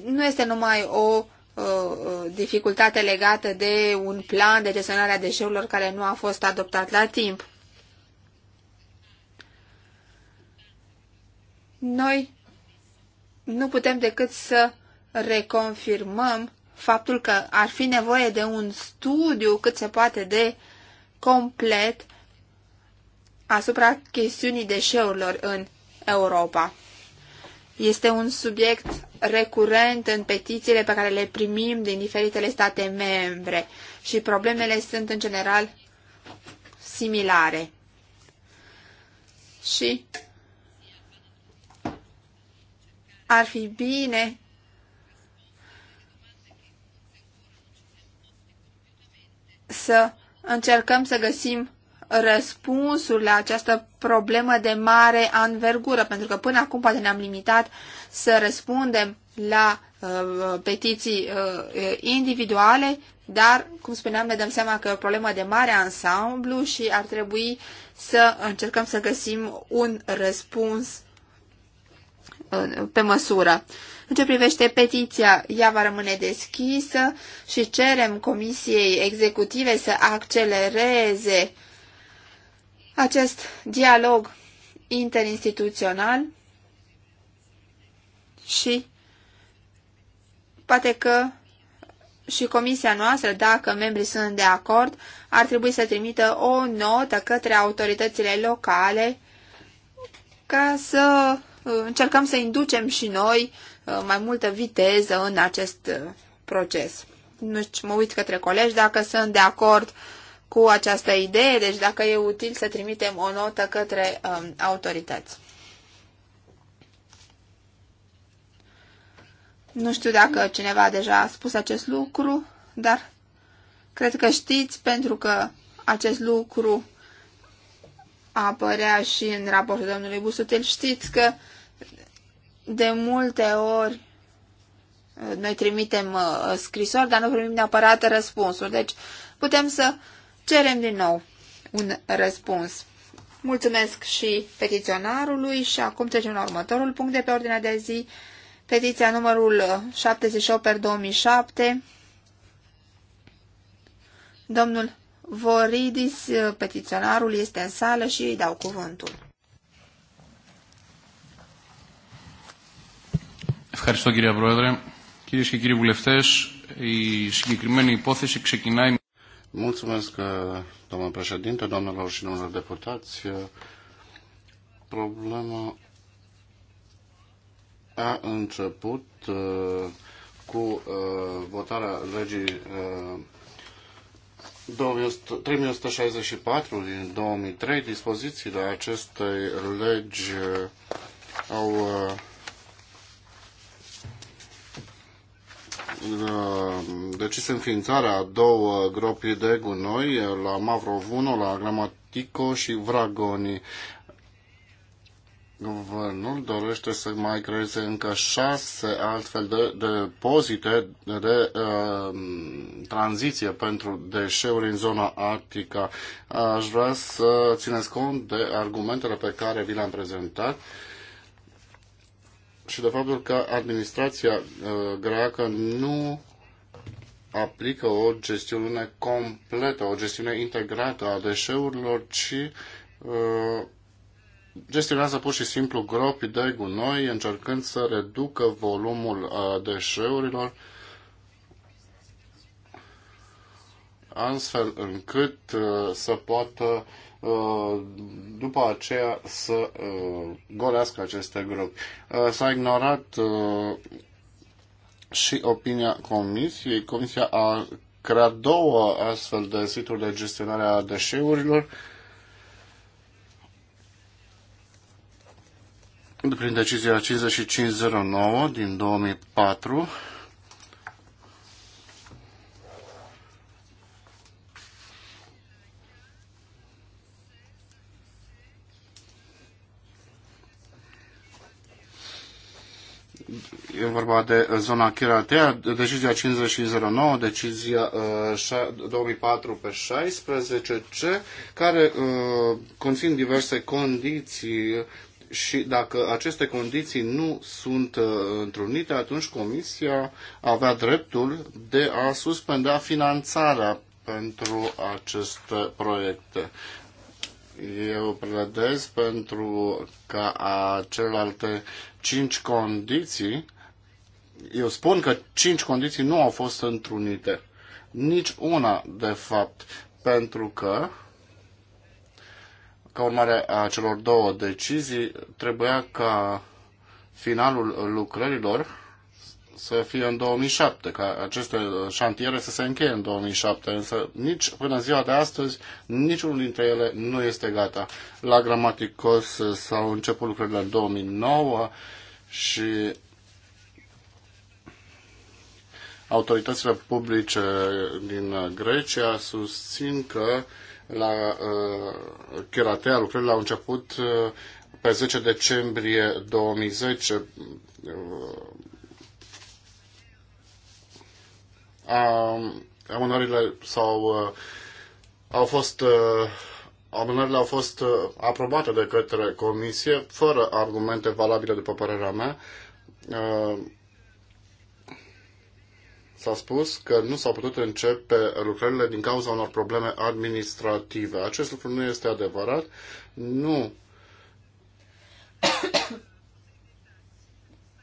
nu este numai o Uh, uh, dificultate legată de un plan de gestionare a deșeurilor care nu a fost adoptat la timp. Noi nu putem decât să reconfirmăm faptul că ar fi nevoie de un studiu cât se poate de complet asupra chestiunii deșeurilor în Europa. Este un subiect recurent în petițiile pe care le primim din diferitele state membre și problemele sunt în general similare. Și ar fi bine să încercăm să găsim răspunsul la această problemă de mare anvergură, pentru că până acum poate ne-am limitat să răspundem la uh, petiții uh, individuale, dar, cum spuneam, ne dăm seama că e o problemă de mare ansamblu și ar trebui să încercăm să găsim un răspuns uh, pe măsură. În ce privește petiția, ea va rămâne deschisă și cerem Comisiei Executive să accelereze uh, acest dialog interinstituțional și poate că și comisia noastră, dacă membrii sunt de acord, ar trebui să trimită o notă către autoritățile locale ca să uh, încercăm să inducem și noi uh, mai multă viteză în acest uh, proces. Nu deci mă uit către colegi dacă sunt de acord cu această idee, deci dacă e util să trimitem o notă către um, autorități. Nu știu dacă cineva deja a spus acest lucru, dar cred că știți pentru că acest lucru apărea și în raportul domnului Busutel. Știți că de multe ori uh, noi trimitem uh, scrisori, dar nu primim neapărat răspunsuri. Deci putem să Cerem din nou un răspuns. Mulțumesc și petiționarului și acum trecem la următorul punct de pe ordinea de zi, petiția numărul 78 per 2007. Domnul Voridis, petiționarul, este în sală și îi dau cuvântul. Ευχαριστώ κύριε Πρόεδρε. Κυρίες και κύριοι βουλευτές, η συγκεκριμένη υπόθεση ξεκινάει Mulțumesc, uh, doamnă președinte, doamnelor și domnilor deputați. Uh, problema a început uh, cu votarea legii 3164 din 2003. Dispozițiile acestei legi au Uh, decis înființarea a două gropi de gunoi la Mavrovuno, la Gramatico și Vragoni. Guvernul dorește să mai creeze încă șase altfel de depozite de, de uh, tranziție pentru deșeuri în zona Arctica. Aș vrea să țineți cont de argumentele pe care vi le-am prezentat. Uh, și de faptul că administrația uh, greacă nu aplică o gestiune completă, o gestiune integrată a deșeurilor, ci uh, gestionează pur și simplu gropi de gunoi, încercând să reducă volumul uh, deșeurilor, astfel încât să poată Uh, după aceea să uh, golească aceste grup uh, S-a ignorat și opinia Comisiei. Comisia a creat două astfel de situri de gestionare a deșeurilor. Prin decizia 5509 din 2004, E vorba de zona Chiratea, decizia 5509, decizia 2004 uh, pe 16C, care uh, conțin diverse condiții și dacă aceste condiții nu sunt uh, întrunite, atunci Comisia avea dreptul de a suspenda finanțarea pentru aceste proiecte. Eu pledez pentru ca celelalte cinci condiții eu spun că cinci condiții nu au fost întrunite. Nici una, de fapt, pentru că, ca urmare a celor două decizii, trebuia ca finalul lucrărilor să fie în 2007, ca aceste șantiere să se încheie în 2007, însă nici până ziua de astăzi niciunul dintre ele nu este gata. La Gramaticos s-au început lucrările în 2009 și autoritățile publice din Grecia susțin că la uh, Chiratea lucrările au început uh, pe 10 decembrie 2010. Uh, amânările sau uh, au fost uh, amânările au fost uh, aprobate de către comisie fără argumente valabile după părerea mea. Uh, s-a spus că nu s-au putut începe lucrările din cauza unor probleme administrative. Acest lucru nu este adevărat. Nu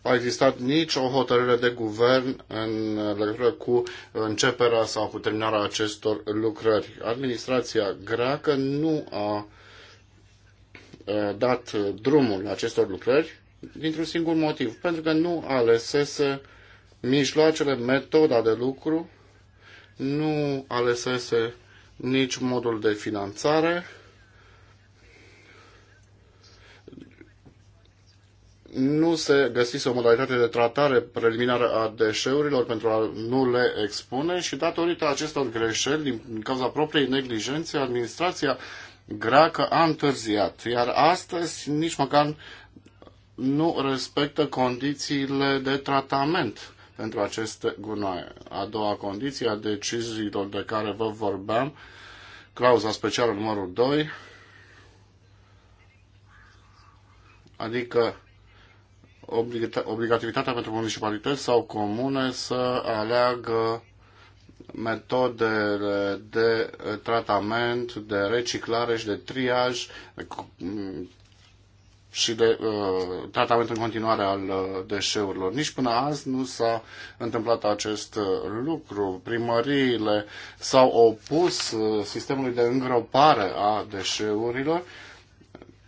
a existat nici o hotărâre de guvern în legătură cu începerea sau cu terminarea acestor lucrări. Administrația greacă nu a dat drumul acestor lucrări dintr-un singur motiv, pentru că nu alesese uh, mijloacele, metoda de lucru, nu alesese nici modul de finanțare, nu se găsise o modalitate de tratare preliminară a deșeurilor pentru a nu le expune și datorită acestor greșeli, din cauza propriei neglijențe, administrația greacă a întârziat, iar astăzi nici măcar nu respectă condițiile de tratament pentru aceste gunoaie. A doua condiție a deciziilor de care vă vorbeam, clauza specială numărul 2, adică obligativitatea pentru municipalități sau comune să aleagă metodele de tratament, de reciclare și de triaj și de uh, tratament în continuare al uh, deșeurilor. Nici până azi nu s-a întâmplat acest uh, lucru. Primăriile s-au opus uh, sistemului de îngropare a deșeurilor.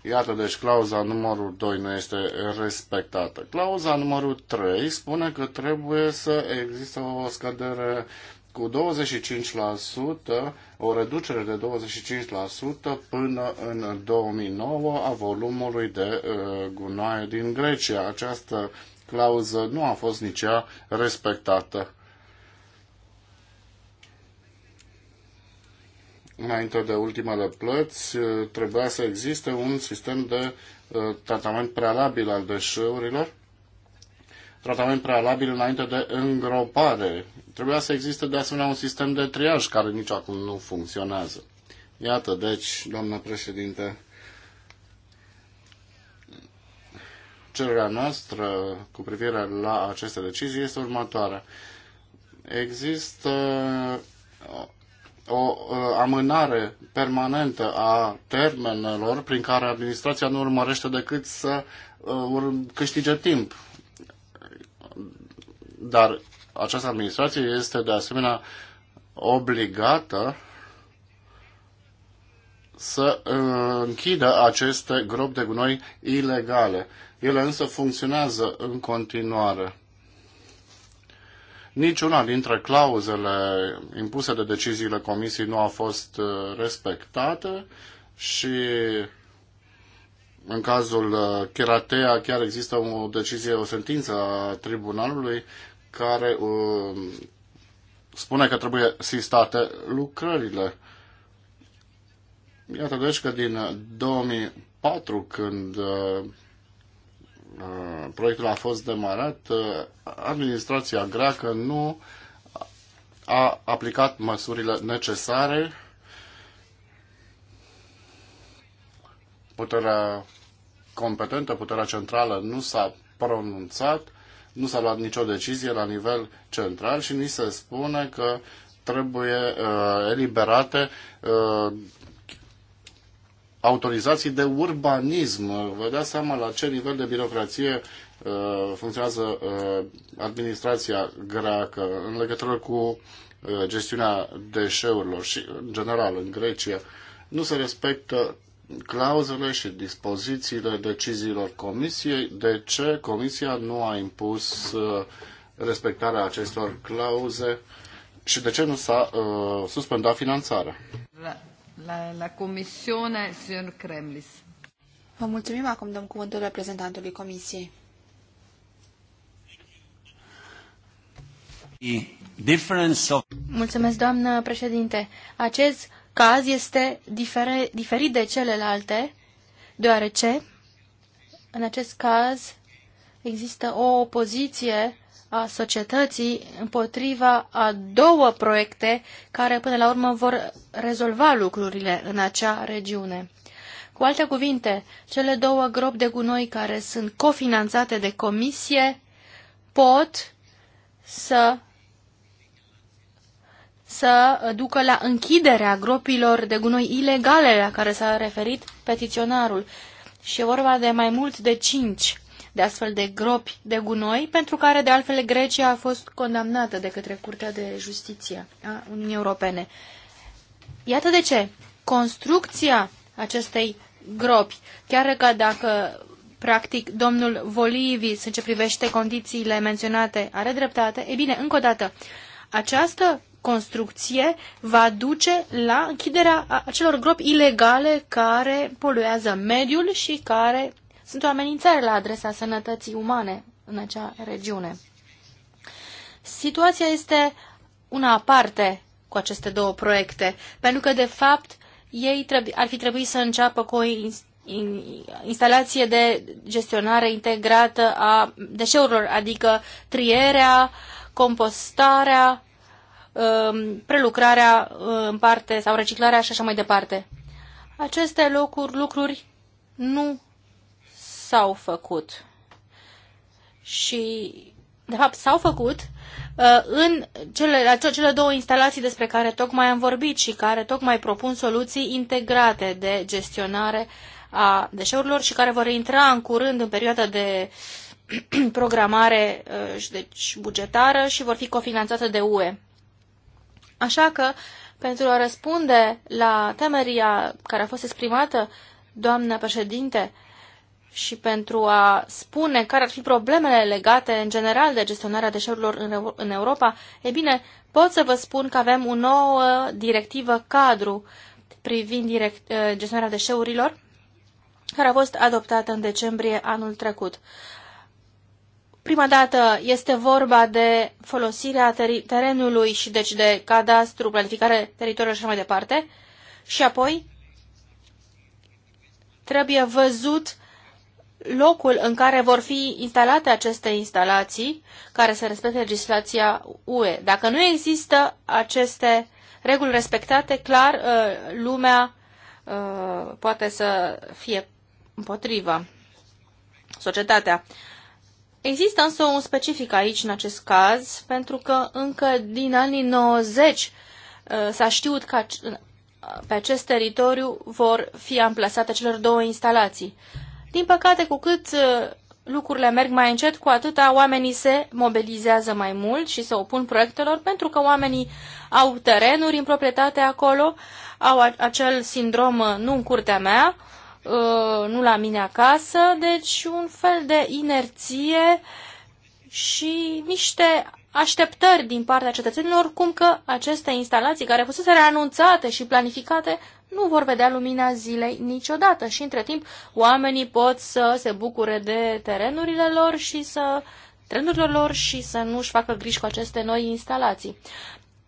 Iată, deci clauza numărul 2 nu este respectată. Clauza numărul 3 spune că trebuie să există o scădere cu 25% o reducere de 25% până în 2009 a volumului de uh, gunoaie din Grecia. Această clauză nu a fost nici ea respectată. Înainte de ultimele plăți, uh, trebuia să existe un sistem de uh, tratament prealabil al deșeurilor tratament prealabil înainte de îngropare. Trebuia să existe de asemenea un sistem de triaj care nici acum nu funcționează. Iată, deci, doamnă președinte, cererea noastră cu privire la aceste decizii este următoarea. Există o amânare permanentă a termenelor prin care administrația nu urmărește decât să uh, câștige timp dar această administrație este de asemenea obligată să uh, închidă aceste gropi de gunoi ilegale. Ele însă funcționează în continuare. Niciuna dintre clauzele impuse de deciziile Comisiei nu a fost uh, respectată și în cazul uh, Cheratea chiar există o decizie, o sentință a tribunalului care uh, spune că trebuie sistate lucrările. Iată deci că din 2004, uh, când uh, uh, proiectul a fost demarat, administrația greacă nu a aplicat măsurile necesare Puterea competentă, puterea centrală nu s-a pronunțat, nu s-a luat nicio decizie la nivel central și ni se spune că trebuie uh, eliberate uh, autorizații de urbanism. Vă dați seama la ce nivel de birocrație uh, funcționează uh, administrația greacă în legătură cu uh, gestiunea deșeurilor și, în general, în Grecia. Nu se respectă clauzele și dispozițiile deciziilor comisiei, de ce comisia nu a impus uh, respectarea acestor clauze și de ce nu s-a uh, suspendat finanțarea. La, la, la comisiune, Kremlis. Vă mulțumim, acum dăm cuvântul reprezentantului comisiei. Mulțumesc, doamnă președinte. Acest caz este difere, diferit de celelalte, deoarece în acest caz există o opoziție a societății împotriva a două proiecte care până la urmă vor rezolva lucrurile în acea regiune. Cu alte cuvinte, cele două gropi de gunoi care sunt cofinanțate de comisie pot să să ducă la închiderea gropilor de gunoi ilegale la care s-a referit petiționarul. Și e vorba de mai mult de cinci de astfel de gropi de gunoi, pentru care de altfel Grecia a fost condamnată de către Curtea de Justiție a Uniunii Europene. Iată de ce construcția acestei gropi, chiar că dacă practic domnul Volivis în ce privește condițiile menționate are dreptate, e bine, încă o dată, această construcție va duce la închiderea acelor gropi ilegale care poluează mediul și care sunt o amenințare la adresa sănătății umane în acea regiune. Situația este una aparte cu aceste două proiecte, pentru că, de fapt, ei ar fi trebuit să înceapă cu o instalație de gestionare integrată a deșeurilor, adică trierea, compostarea, Um, prelucrarea uh, în parte sau reciclarea și așa mai departe. Aceste locuri, lucruri nu s-au făcut. Și, de fapt, s-au făcut uh, în cele, cele două instalații despre care tocmai am vorbit și care tocmai propun soluții integrate de gestionare a deșeurilor și care vor intra în curând în perioada de [CLEARS THROAT] programare uh, și deci bugetară și vor fi cofinanțate de UE. Așa că, pentru a răspunde la temeria care a fost exprimată, doamnă președinte, și pentru a spune care ar fi problemele legate în general de gestionarea deșeurilor în Europa, e bine, pot să vă spun că avem o nouă directivă cadru privind direct, eh, gestionarea deșeurilor, care a fost adoptată în decembrie anul trecut. Prima dată este vorba de folosirea terenului și deci de cadastru, planificare teritoriului și așa mai departe. Și apoi trebuie văzut locul în care vor fi instalate aceste instalații care să respecte legislația UE. Dacă nu există aceste reguli respectate, clar, uh, lumea uh, poate să fie împotrivă, societatea. Există însă un specific aici în acest caz, pentru că încă din anii 90 uh, s-a știut că uh, pe acest teritoriu vor fi amplasate celor două instalații. Din păcate, cu cât uh, lucrurile merg mai încet, cu atâta oamenii se mobilizează mai mult și se opun proiectelor, pentru că oamenii au terenuri în proprietate acolo, au acel sindrom nu în curtea mea Uh, nu la mine acasă, deci un fel de inerție și niște așteptări din partea cetățenilor, cum că aceste instalații care fusese anunțate și planificate nu vor vedea lumina zilei niciodată și între timp oamenii pot să se bucure de terenurile lor și să trenurilor lor și să nu-și facă griji cu aceste noi instalații.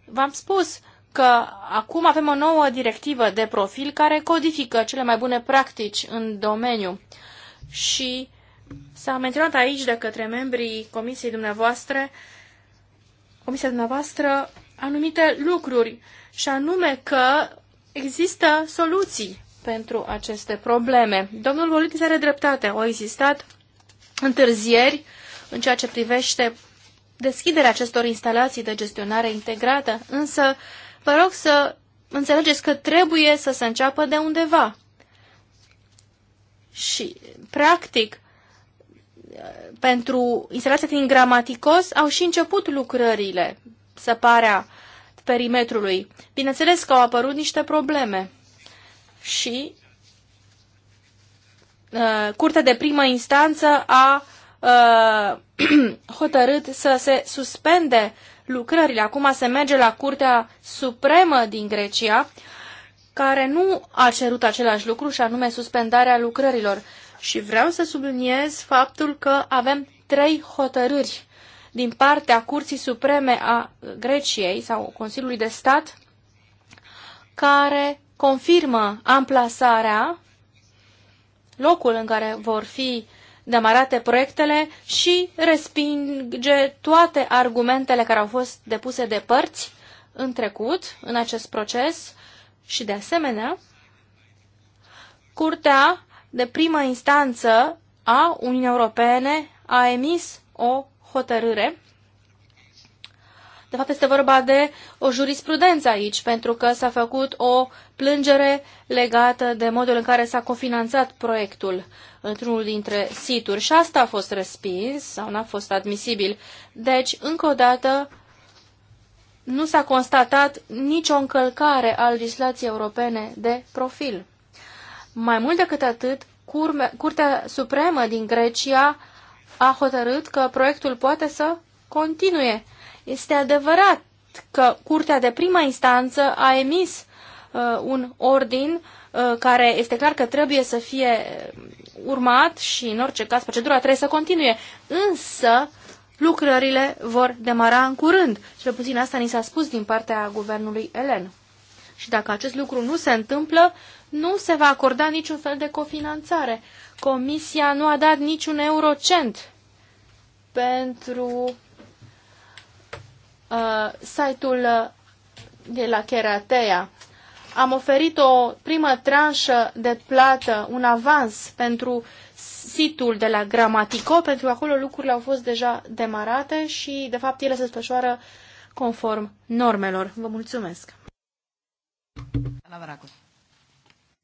V-am spus, că acum avem o nouă directivă de profil care codifică cele mai bune practici în domeniu. Și s-a menționat aici de către membrii comisiei dumneavoastră, comisia dumneavoastră, anumite lucruri și anume că există soluții pentru aceste probleme. Domnul Volitis are dreptate. Au existat întârzieri în ceea ce privește deschiderea acestor instalații de gestionare integrată, însă Vă rog să înțelegeți că trebuie să se înceapă de undeva. Și, practic, pentru instalația din gramaticos au și început lucrările, săparea perimetrului. Bineînțeles că au apărut niște probleme și uh, Curtea de primă instanță a uh, [CLEARS THROAT] hotărât să se suspende lucrările. Acum se merge la Curtea Supremă din Grecia, care nu a cerut același lucru și anume suspendarea lucrărilor. Și vreau să subliniez faptul că avem trei hotărâri din partea Curții Supreme a Greciei sau Consiliului de Stat care confirmă amplasarea, locul în care vor fi demarate proiectele și respinge toate argumentele care au fost depuse de părți în trecut, în acest proces și de asemenea, Curtea de primă instanță a Uniunii Europene a emis o hotărâre. De fapt, este vorba de o jurisprudență aici, pentru că s-a făcut o plângere legată de modul în care s-a cofinanțat proiectul într-unul dintre situri și asta a fost respins sau n-a fost admisibil. Deci, încă o dată, nu s-a constatat nicio încălcare a legislației europene de profil. Mai mult decât atât, Curtea Supremă din Grecia a hotărât că proiectul poate să continue. Este adevărat că Curtea de Prima Instanță a emis uh, un ordin uh, care este clar că trebuie să fie urmat și, în orice caz, procedura trebuie să continue. Însă, lucrările vor demara în curând. Cel puțin asta ni s-a spus din partea guvernului Elen. Și dacă acest lucru nu se întâmplă, nu se va acorda niciun fel de cofinanțare. Comisia nu a dat niciun eurocent pentru uh, site-ul uh, de la Cheratea am oferit o primă tranșă de plată, un avans pentru situl de la Gramatico, pentru că acolo lucrurile au fost deja demarate și, de fapt, ele se desfășoară conform normelor. Vă mulțumesc!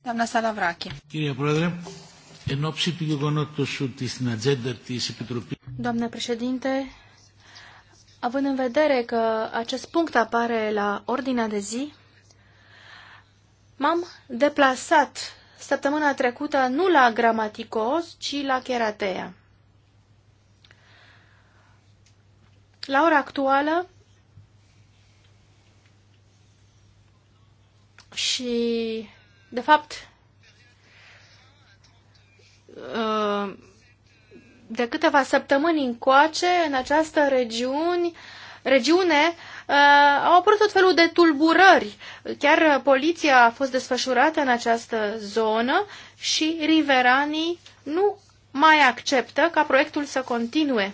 Doamna Salavrache. Chiria în Doamna președinte, având în vedere că acest punct apare la ordinea de zi, M-am deplasat săptămâna trecută nu la Gramaticos, ci la Cheratea. La ora actuală și, de fapt, uh, de câteva săptămâni încoace, în această regiune, regiune Uh, au apărut tot felul de tulburări. Chiar uh, poliția a fost desfășurată în această zonă și riveranii nu mai acceptă ca proiectul să continue.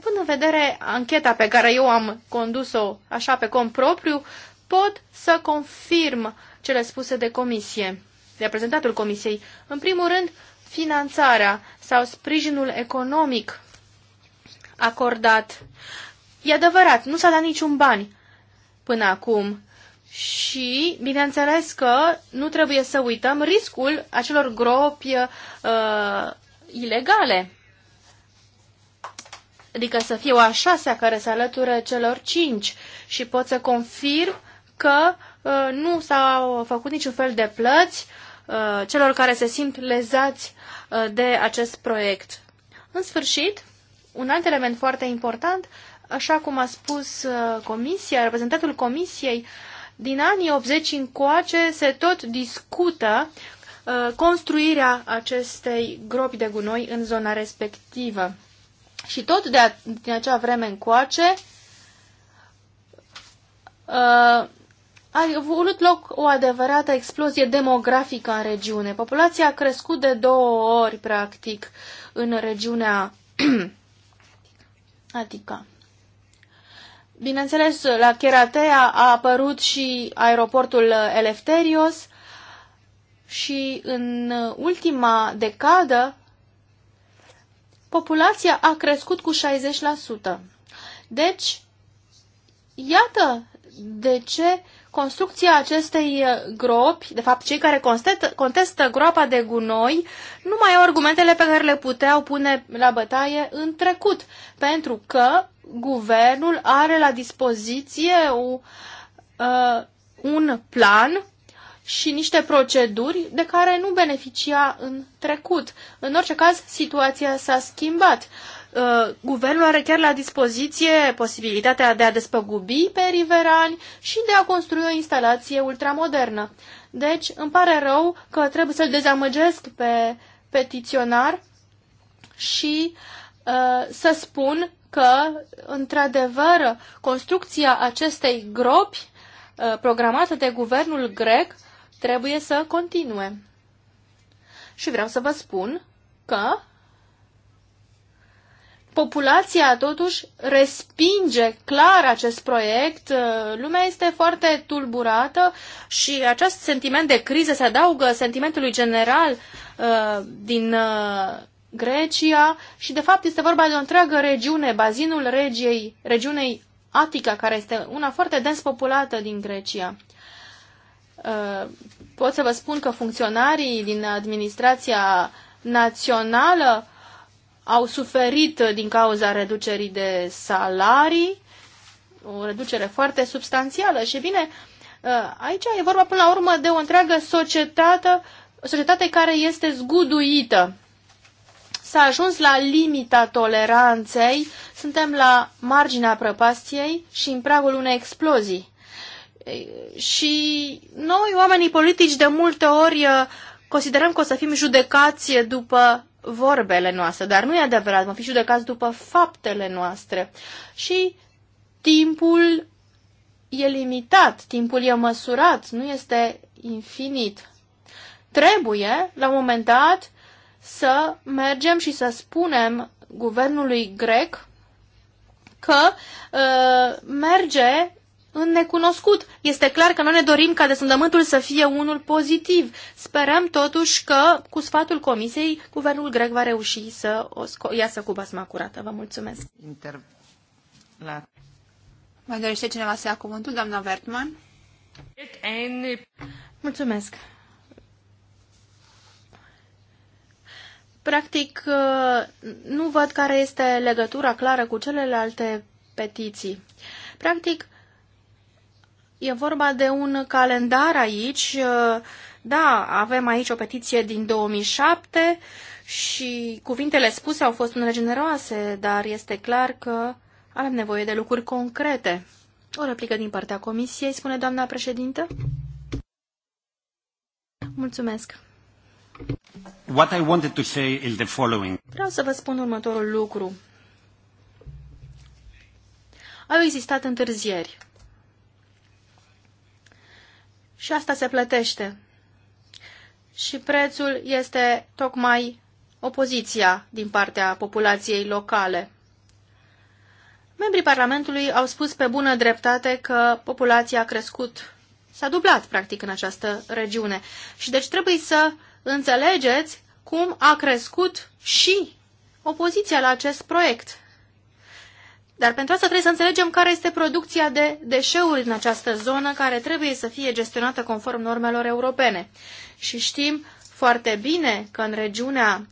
Având în vedere ancheta pe care eu am condus-o așa pe cont propriu, pot să confirm cele spuse de comisie, reprezentantul comisiei. În primul rând, finanțarea sau sprijinul economic acordat uh, E adevărat, nu s-a dat niciun bani până acum. Și, bineînțeles că nu trebuie să uităm riscul acelor gropi uh, ilegale. Adică să fie o a șasea care se alătură celor cinci și pot să confirm că uh, nu s-au făcut niciun fel de plăți uh, celor care se simt lezați uh, de acest proiect. În sfârșit, un alt element foarte important uh, Așa cum a spus uh, comisia, reprezentantul comisiei, din anii 80 încoace se tot discută uh, construirea acestei gropi de gunoi în zona respectivă. Și tot de a, din acea vreme încoace uh, a avut loc o adevărată explozie demografică în regiune. Populația a crescut de două ori, practic, în regiunea Atica. [CLEARS THROAT] Bineînțeles, la Cheratea a apărut și aeroportul uh, Elefterios și în uh, ultima decadă populația a crescut cu 60%. Deci, iată de ce construcția acestei uh, gropi, de fapt cei care contestă, contestă groapa de gunoi, nu mai au argumentele pe care le puteau pune la bătaie în trecut, pentru că guvernul are la dispoziție o, uh, un plan și niște proceduri de care nu beneficia în trecut. În orice caz, situația s-a schimbat. Uh, guvernul are chiar la dispoziție posibilitatea de a despăgubi pe riverani și de a construi o instalație ultramodernă. Deci, îmi pare rău că trebuie să-l dezamăgesc pe petiționar și uh, să spun că, într-adevăr, construcția acestei gropi uh, programată de guvernul grec trebuie să continue. Și vreau să vă spun că populația totuși respinge clar acest proiect, uh, lumea este foarte tulburată și acest sentiment de criză se adaugă sentimentului general uh, din Grecia și, de fapt, este vorba de o întreagă regiune, bazinul regiei, regiunei Atica, care este una foarte dens populată din Grecia. Uh, pot să vă spun că funcționarii din administrația națională au suferit din cauza reducerii de salarii, o reducere foarte substanțială. Și bine, uh, aici e vorba până la urmă de o întreagă societate, o societate care este zguduită S-a ajuns la limita toleranței, suntem la marginea prăpastiei și în pragul unei explozii. Și noi, oamenii politici, de multe ori uh, considerăm că o să fim judecați după vorbele noastre, dar nu e adevărat, vom fi judecați după faptele noastre. Și timpul e limitat, timpul e măsurat, nu este infinit. Trebuie, la un moment dat, să mergem și să spunem guvernului grec că uh, merge în necunoscut. Este clar că noi ne dorim ca desândământul să fie unul pozitiv. Sperăm totuși că, cu sfatul comisiei, guvernul grec va reuși să o iasă cu basma curată. Vă mulțumesc. Inter... La... Mai dorește cineva să ia cuvântul, doamna Vertman? Mulțumesc. Practic, uh, nu văd care este legătura clară cu celelalte petiții. Practic, e vorba de un calendar aici. Uh, da, avem aici o petiție din 2007 și cuvintele spuse au fost unele generoase, dar este clar că avem nevoie de lucruri concrete. O replică din partea comisiei, spune doamna președintă. Mulțumesc. What I wanted to say is the following. Vreau să vă spun următorul lucru. Au existat întârzieri. Și asta se plătește. Și prețul este tocmai opoziția din partea populației locale. Membrii Parlamentului au spus pe bună dreptate că populația a crescut, s-a dublat practic în această regiune și deci trebuie să înțelegeți cum a crescut și opoziția la acest proiect. Dar pentru asta trebuie să înțelegem care este producția de deșeuri în această zonă care trebuie să fie gestionată conform normelor europene. Și știm foarte bine că în regiunea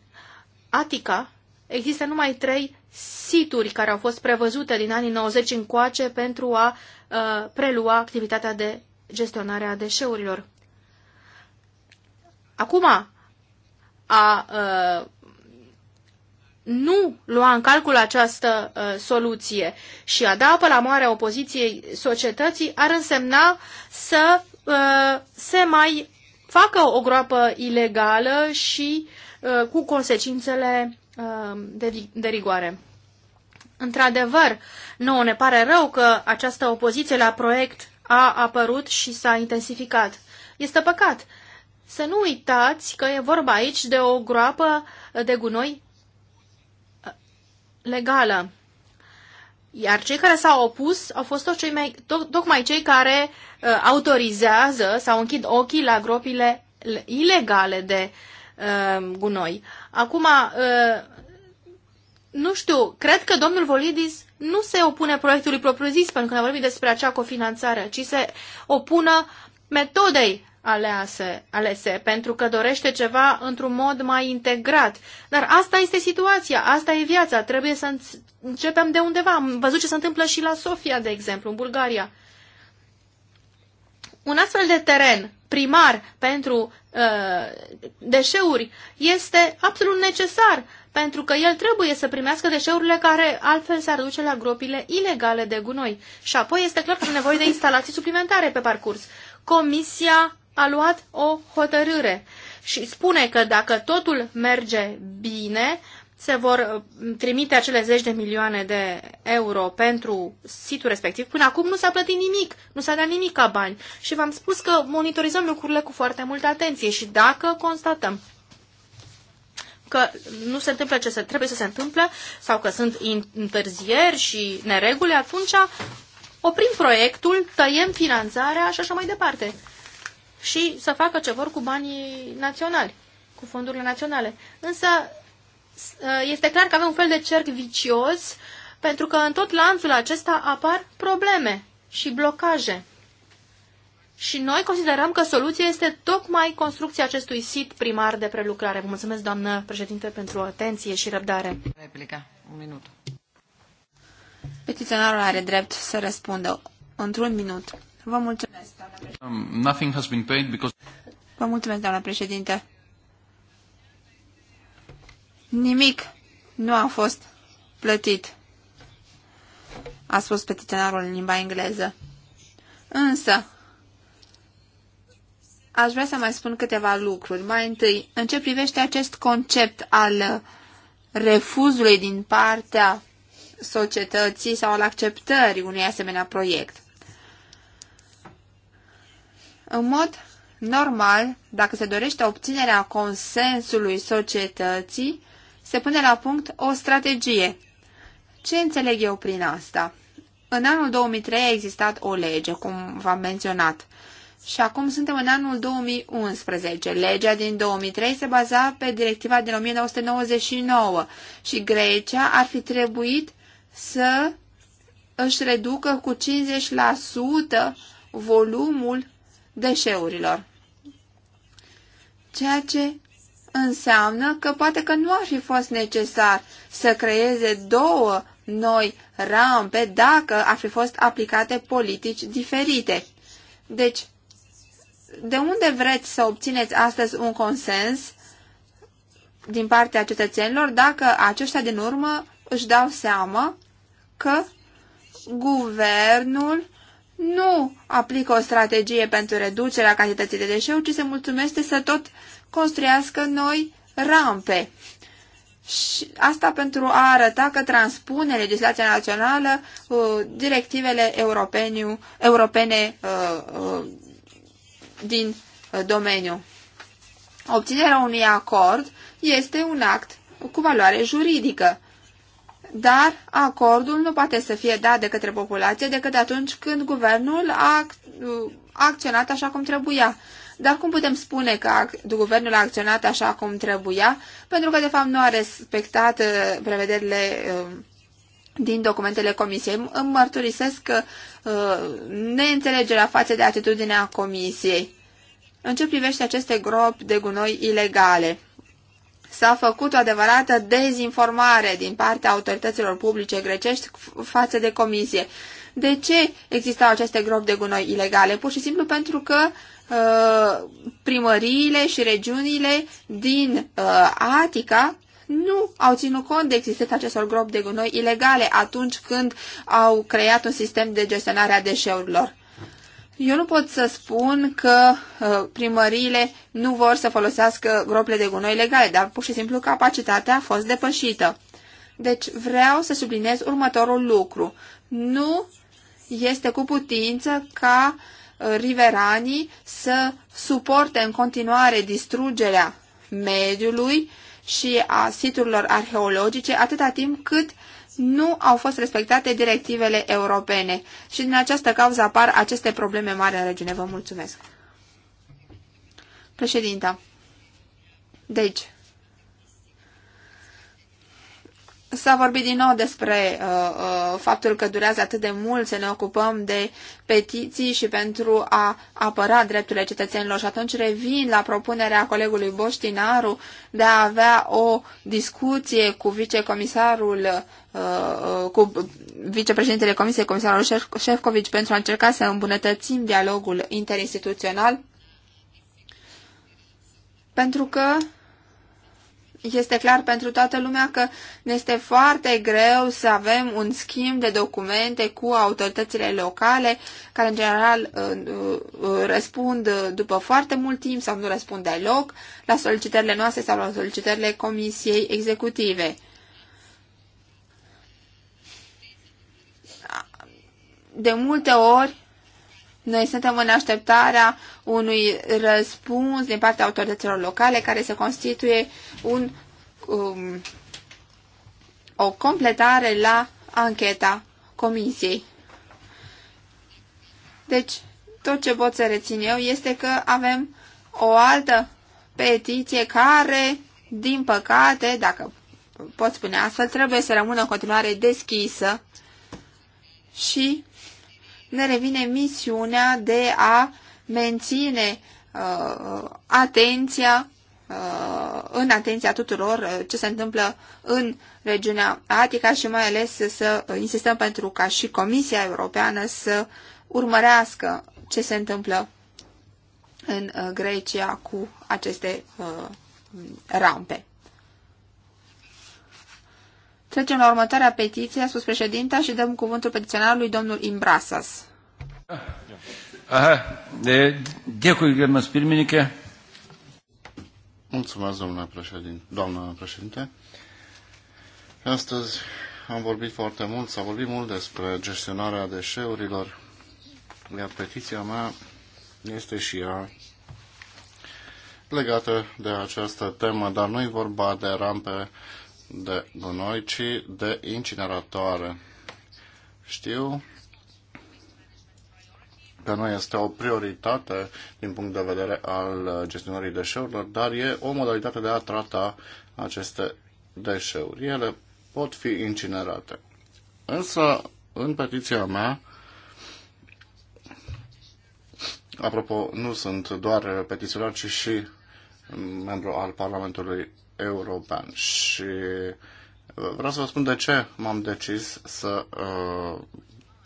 Atica există numai trei situri care au fost prevăzute din anii 90 încoace pentru a uh, prelua activitatea de gestionare a deșeurilor. Acum, a uh, nu lua în calcul această uh, soluție și a da apă la moare opoziției societății ar însemna să uh, se mai facă o groapă ilegală și uh, cu consecințele uh, de, de rigoare. Într-adevăr, nouă ne pare rău că această opoziție la proiect a apărut și s-a intensificat. Este păcat, să nu uitați că e vorba aici de o groapă de gunoi uh, legală. Iar cei care s-au opus au fost tot cei mai, to- tocmai cei care uh, autorizează sau închid ochii la gropile ilegale de uh, gunoi. Acum, uh, nu știu, cred că domnul Volidis nu se opune proiectului propriu-zis, pentru că ne vorbim despre acea cofinanțare, ci se opună metodei alease, alese, pentru că dorește ceva într-un mod mai integrat. Dar asta este situația, asta e viața, trebuie să începem de undeva. Am văzut ce se întâmplă și la Sofia, de exemplu, în Bulgaria. Un astfel de teren primar pentru uh, deșeuri este absolut necesar, pentru că el trebuie să primească deșeurile care altfel s-ar duce la gropile ilegale de gunoi. Și apoi este clar că nevoie de instalații suplimentare pe parcurs. Comisia a luat o hotărâre și spune că dacă totul merge bine, se vor uh, trimite acele zeci de milioane de euro pentru situl respectiv. Până acum nu s-a plătit nimic, nu s-a dat nimic ca bani. Și v-am spus că monitorizăm lucrurile cu foarte multă atenție și dacă constatăm că nu se întâmplă ce se trebuie să se întâmple sau că sunt întârzieri și nereguli, atunci oprim proiectul, tăiem finanțarea și așa mai departe și să facă ce vor cu banii naționali, cu fondurile naționale. Însă uh, este clar că avem un fel de cerc vicios, pentru că în tot lanțul acesta apar probleme și blocaje. Și noi considerăm că soluția este tocmai construcția acestui sit primar de prelucrare. Vă mulțumesc, doamnă președinte, pentru atenție și răbdare. Replica. Un minut. Petiționarul are drept să răspundă într-un minut. Vă mulțumesc, doamna președinte. Um, nothing has been paid because... Vă mulțumesc, doamna președinte. Nimic nu a fost plătit, a spus petiționarul în limba engleză. Însă, aș vrea să mai spun câteva lucruri. Mai întâi, în ce privește acest concept al refuzului din partea societății sau al acceptării unui asemenea proiect. În mod normal, dacă se dorește obținerea consensului societății, se pune la punct o strategie. Ce înțeleg eu prin asta? În anul 2003 a existat o lege, cum v-am menționat, și acum suntem în anul 2011. Legea din 2003 se baza pe directiva din 1999 și Grecia ar fi trebuit să își reducă cu 50% volumul deșeurilor. Ceea ce înseamnă că poate că nu ar fi fost necesar să creeze două noi rampe dacă ar fi fost aplicate politici diferite. Deci, de unde vreți să obțineți astăzi un consens din partea cetățenilor dacă aceștia din urmă își dau seama că guvernul nu aplică o strategie pentru reducerea cantității de deșeuri, ci se mulțumește să tot construiască noi rampe. Și asta pentru a arăta că transpune legislația națională uh, directivele europeniu, europene uh, uh, din uh, domeniu. Obținerea unui acord este un act cu valoare juridică dar acordul nu poate să fie dat de către populație decât atunci când guvernul a acționat așa cum trebuia. Dar cum putem spune că guvernul a acționat așa cum trebuia? Pentru că, de fapt, nu a respectat uh, prevederile uh, din documentele comisiei. Îmi mărturisesc uh, neînțelegerea față de atitudinea comisiei. În ce privește aceste gropi de gunoi ilegale? S-a făcut o adevărată dezinformare din partea autorităților publice grecești față de comisie. De ce existau aceste gropi de gunoi ilegale? Pur și simplu pentru că uh, primăriile și regiunile din uh, Atica nu au ținut cont de existența acestor gropi de gunoi ilegale atunci când au creat un sistem de gestionare a deșeurilor. Eu nu pot să spun că uh, primăriile nu vor să folosească gropile de gunoi legale, dar pur și simplu capacitatea a fost depășită. Deci vreau să subliniez următorul lucru. Nu este cu putință ca uh, riveranii să suporte în continuare distrugerea mediului și a siturilor arheologice atâta timp cât nu au fost respectate directivele europene și din această cauză apar aceste probleme mari în regiune. Vă mulțumesc. Președinta, deci, S-a vorbit din nou despre uh, uh, faptul că durează atât de mult să ne ocupăm de petiții și pentru a apăra drepturile cetățenilor și atunci revin la propunerea colegului Boștinaru de a avea o discuție cu vicecomisarul Uh, uh, cu vicepreședintele Comisiei, comisarul Șefcovic, pentru a încerca să îmbunătățim dialogul interinstituțional, pentru că este clar pentru toată lumea că ne este foarte greu să avem un schimb de documente cu autoritățile locale, care în general uh, răspund după foarte mult timp sau nu răspund deloc la solicitările noastre sau la solicitările Comisiei Executive. de multe ori noi suntem în așteptarea unui răspuns din partea autorităților locale care se constituie un, um, o completare la ancheta comisiei. Deci, tot ce pot să rețin eu este că avem o altă petiție care, din păcate, dacă pot spune astfel, trebuie să rămână în continuare deschisă și ne revine misiunea de a menține uh, atenția uh, în atenția tuturor uh, ce se întâmplă în regiunea Atica și mai ales să insistăm pentru ca și Comisia Europeană să urmărească ce se întâmplă în uh, Grecia cu aceste uh, rampe. Trecem la următoarea petiție sus președinta și dăm cuvântul petiționarului domnul Imbrasas. Aha, de, Mulțumesc, doamna președinte. Doamna președinte. Astăzi am vorbit foarte mult, s-a vorbit mult despre gestionarea deșeurilor, iar petiția mea este și ea legată de această temă, dar nu e vorba de rampe de gunoi, ci de incineratoare. Știu că nu este o prioritate din punct de vedere al gestionării deșeurilor, dar e o modalitate de a trata aceste deșeuri. Ele pot fi incinerate. Însă, în petiția mea, apropo, nu sunt doar petiționar, ci și membru al Parlamentului european. Și uh, vreau să vă spun de ce m-am decis să uh,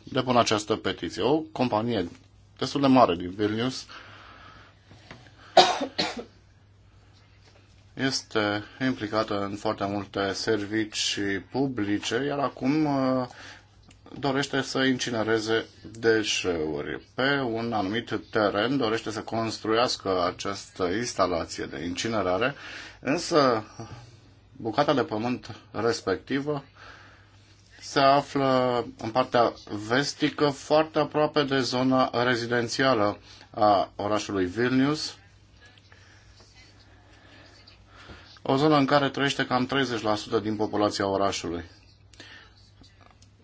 depun această petiție. O companie destul de mare din Vilnius [COUGHS] este implicată în foarte multe servicii publice, iar acum uh, dorește să incinereze deșeuri. Pe un anumit teren dorește să construiască această instalație de incinerare Însă, bucata de pământ respectivă se află în partea vestică, foarte aproape de zona rezidențială a orașului Vilnius, o zonă în care trăiește cam 30% din populația orașului.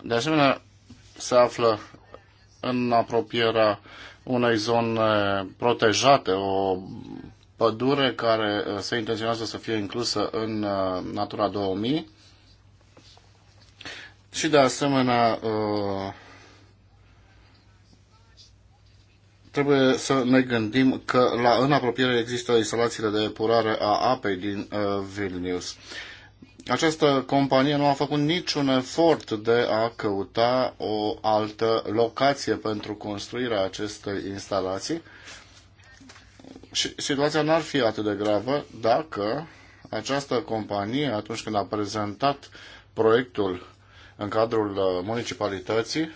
De asemenea, se află în apropierea unei zone protejate, o pădure care uh, se intenționează să fie inclusă în uh, Natura 2000 și de asemenea uh, trebuie să ne gândim că la, în apropiere există instalațiile de epurare a apei din Vilnius. Această companie nu a făcut niciun efort de a căuta o altă locație pentru construirea acestei instalații situația n-ar fi atât de gravă dacă această companie, atunci când a prezentat proiectul în cadrul uh, municipalității,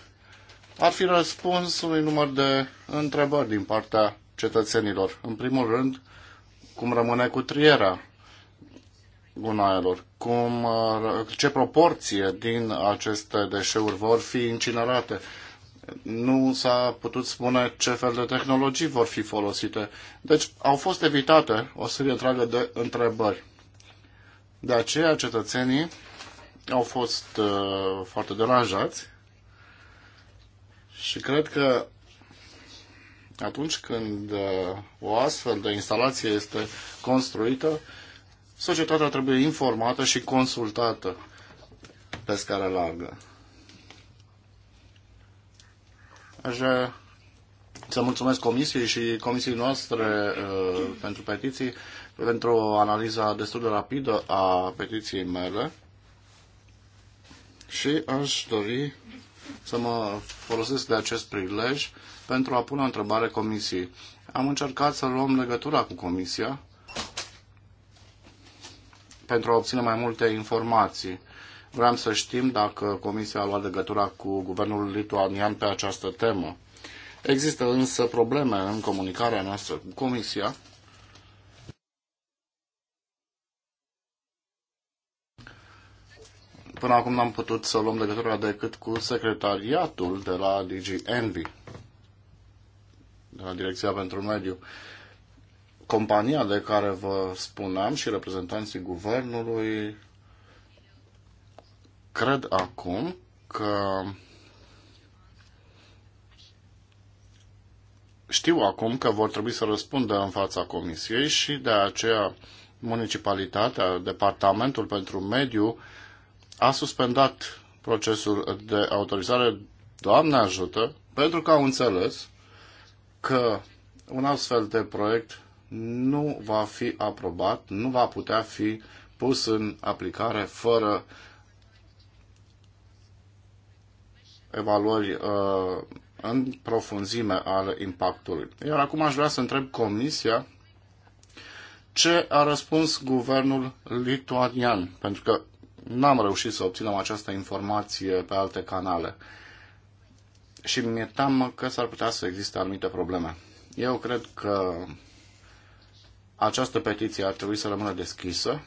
ar fi răspuns unui număr de întrebări din partea cetățenilor. În primul rând, cum rămâne cu trierea gunoaielor, cum, uh, ce proporție din aceste deșeuri vor fi incinerate, nu s-a putut spune ce fel de tehnologii vor fi folosite. Deci au fost evitate o serie întreagă de întrebări. De aceea cetățenii au fost uh, foarte deranjați și cred că atunci când uh, o astfel de instalație este construită, societatea trebuie informată și consultată pe scară largă. Aș vrea să mulțumesc comisiei și comisiei noastre uh, pentru petiții, pentru analiza destul de rapidă a petiției mele și aș dori să mă folosesc de acest prilej pentru a pune o întrebare comisiei. Am încercat să luăm legătura cu comisia pentru a obține mai multe informații. Vreau să știm dacă Comisia a luat legătura cu guvernul lituanian pe această temă. Există însă probleme în comunicarea noastră cu Comisia. Până acum n-am putut să luăm legătura decât cu secretariatul de la DG Envy, de la Direcția pentru Mediu. Compania de care vă spuneam și reprezentanții guvernului Cred acum că știu acum că vor trebui să răspundă în fața comisiei și de aceea municipalitatea, departamentul pentru mediu a suspendat procesul de autorizare, Doamne ajută, pentru că au înțeles că un astfel de proiect nu va fi aprobat, nu va putea fi pus în aplicare fără evaluări uh, în profunzime al impactului. Iar acum aș vrea să întreb Comisia ce a răspuns guvernul lituanian, pentru că n-am reușit să obținem această informație pe alte canale. Și mi-e teamă că s-ar putea să existe anumite probleme. Eu cred că această petiție ar trebui să rămână deschisă,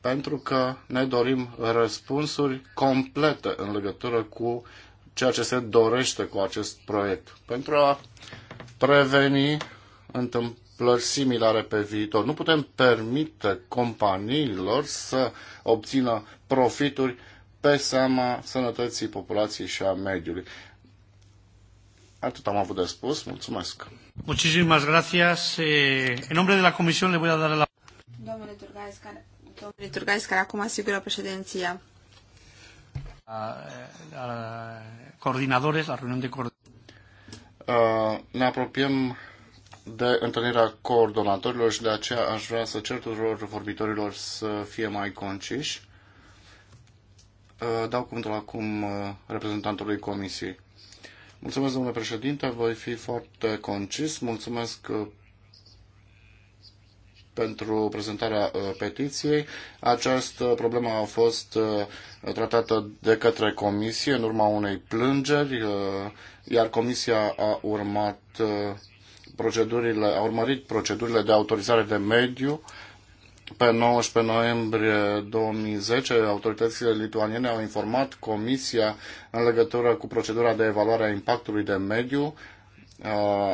pentru că ne dorim răspunsuri complete în legătură cu ceea ce se dorește cu acest proiect pentru a preveni întâmplări similare pe viitor. Nu putem permite companiilor să obțină profituri pe seama sănătății populației și a mediului. Atât am avut de spus. Mulțumesc. Muchísimas gracias. Eh, en nombre de la Comisión le voy a dar la... Domnule Turgais, domnule acum asigură președinția coordinadores, la reunión de coordonadores. Ne apropiem de întâlnirea coordonatorilor și de aceea aș vrea să cer tuturor vorbitorilor să fie mai conciși. Dau cuvântul acum reprezentantului Comisiei. Mulțumesc, domnule președinte, voi fi foarte concis. Mulțumesc pentru prezentarea uh, petiției. Această problemă a fost uh, tratată de către comisie în urma unei plângeri, uh, iar comisia a urmat procedurile, a urmărit procedurile de autorizare de mediu. Pe 19 noiembrie 2010, autoritățile lituaniene au informat Comisia în legătură cu procedura de evaluare a impactului de mediu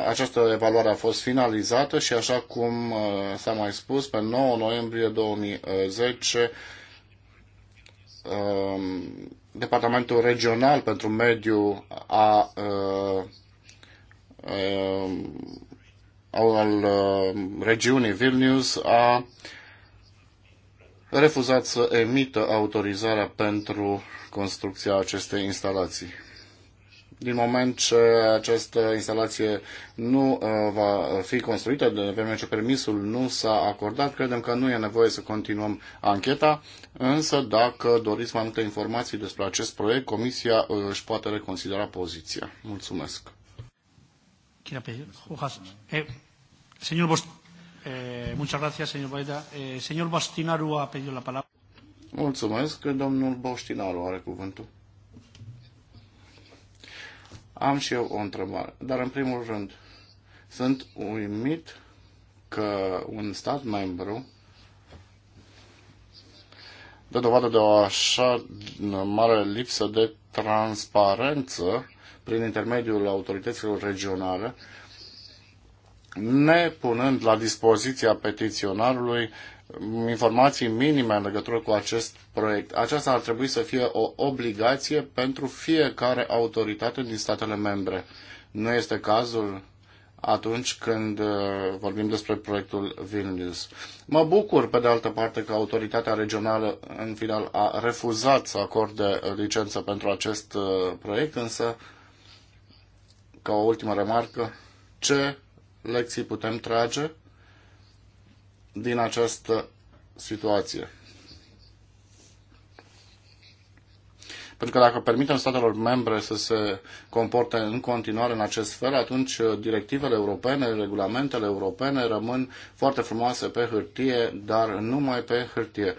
această evaluare a fost finalizată și, așa cum s-a mai spus, pe 9 noiembrie 2010, Departamentul Regional pentru Mediu a, al regiunii Vilnius a refuzat să emită autorizarea pentru construcția acestei instalații din moment ce această instalație nu uh, va fi construită, de vreme ce permisul nu s-a acordat, credem că nu e nevoie să continuăm ancheta, însă dacă doriți mai multe informații despre acest proiect, Comisia uh, își poate reconsidera poziția. Mulțumesc. Eh, señor eh, gracias, señor eh, señor pedido la palabra. Mulțumesc. Domnul Boștinaru are cuvântul. Am și eu o întrebare, dar în primul rând, sunt uimit că un stat membru dă dovadă de o așa mare lipsă de transparență prin intermediul autorităților regionale, ne punând la dispoziția petiționarului informații minime în legătură cu acest proiect. Aceasta ar trebui să fie o obligație pentru fiecare autoritate din statele membre. Nu este cazul atunci când uh, vorbim despre proiectul Vilnius. Mă bucur, pe de altă parte, că autoritatea regională în final a refuzat să acorde uh, licență pentru acest uh, proiect, însă, ca o ultimă remarcă, ce lecții putem trage din această situație. Pentru că dacă permitem statelor membre să se comporte în continuare în acest fel, atunci directivele europene, regulamentele europene rămân foarte frumoase pe hârtie, dar numai pe hârtie.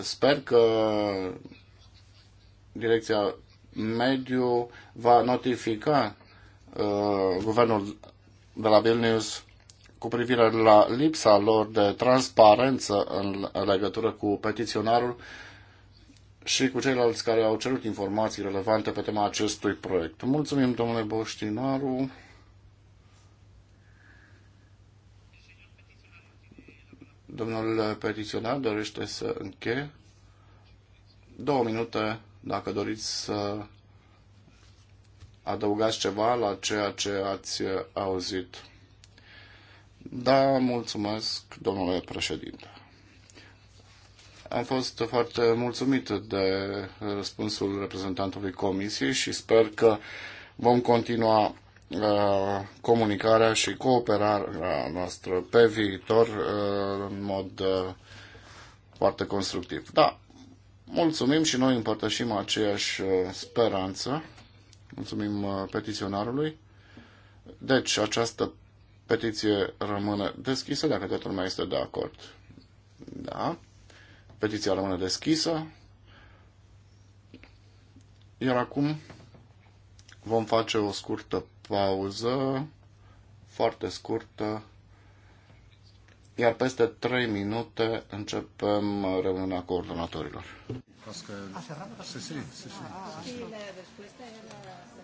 Sper că direcția mediu va notifica uh, guvernul de la Vilnius cu privire la lipsa lor de transparență în legătură cu petiționarul și cu ceilalți care au cerut informații relevante pe tema acestui proiect. Mulțumim, domnule Boștinaru. Domnul petiționar dorește să încheie. Două minute, dacă doriți să adăugați ceva la ceea ce ați auzit. Da, mulțumesc, domnule președinte. Am fost foarte mulțumit de răspunsul reprezentantului Comisiei și sper că vom continua uh, comunicarea și cooperarea noastră pe viitor uh, în mod uh, foarte constructiv. Da, mulțumim și noi împărtășim aceeași speranță. Mulțumim petiționarului. Deci, această Petiție rămâne deschisă dacă toată lumea este de acord. Da. Petiția rămâne deschisă. Iar acum vom face o scurtă pauză, foarte scurtă, iar peste 3 minute începem reuniunea coordonatorilor. Pascal. Ah, sì, sì, sì, sì. sì. Ah, sì,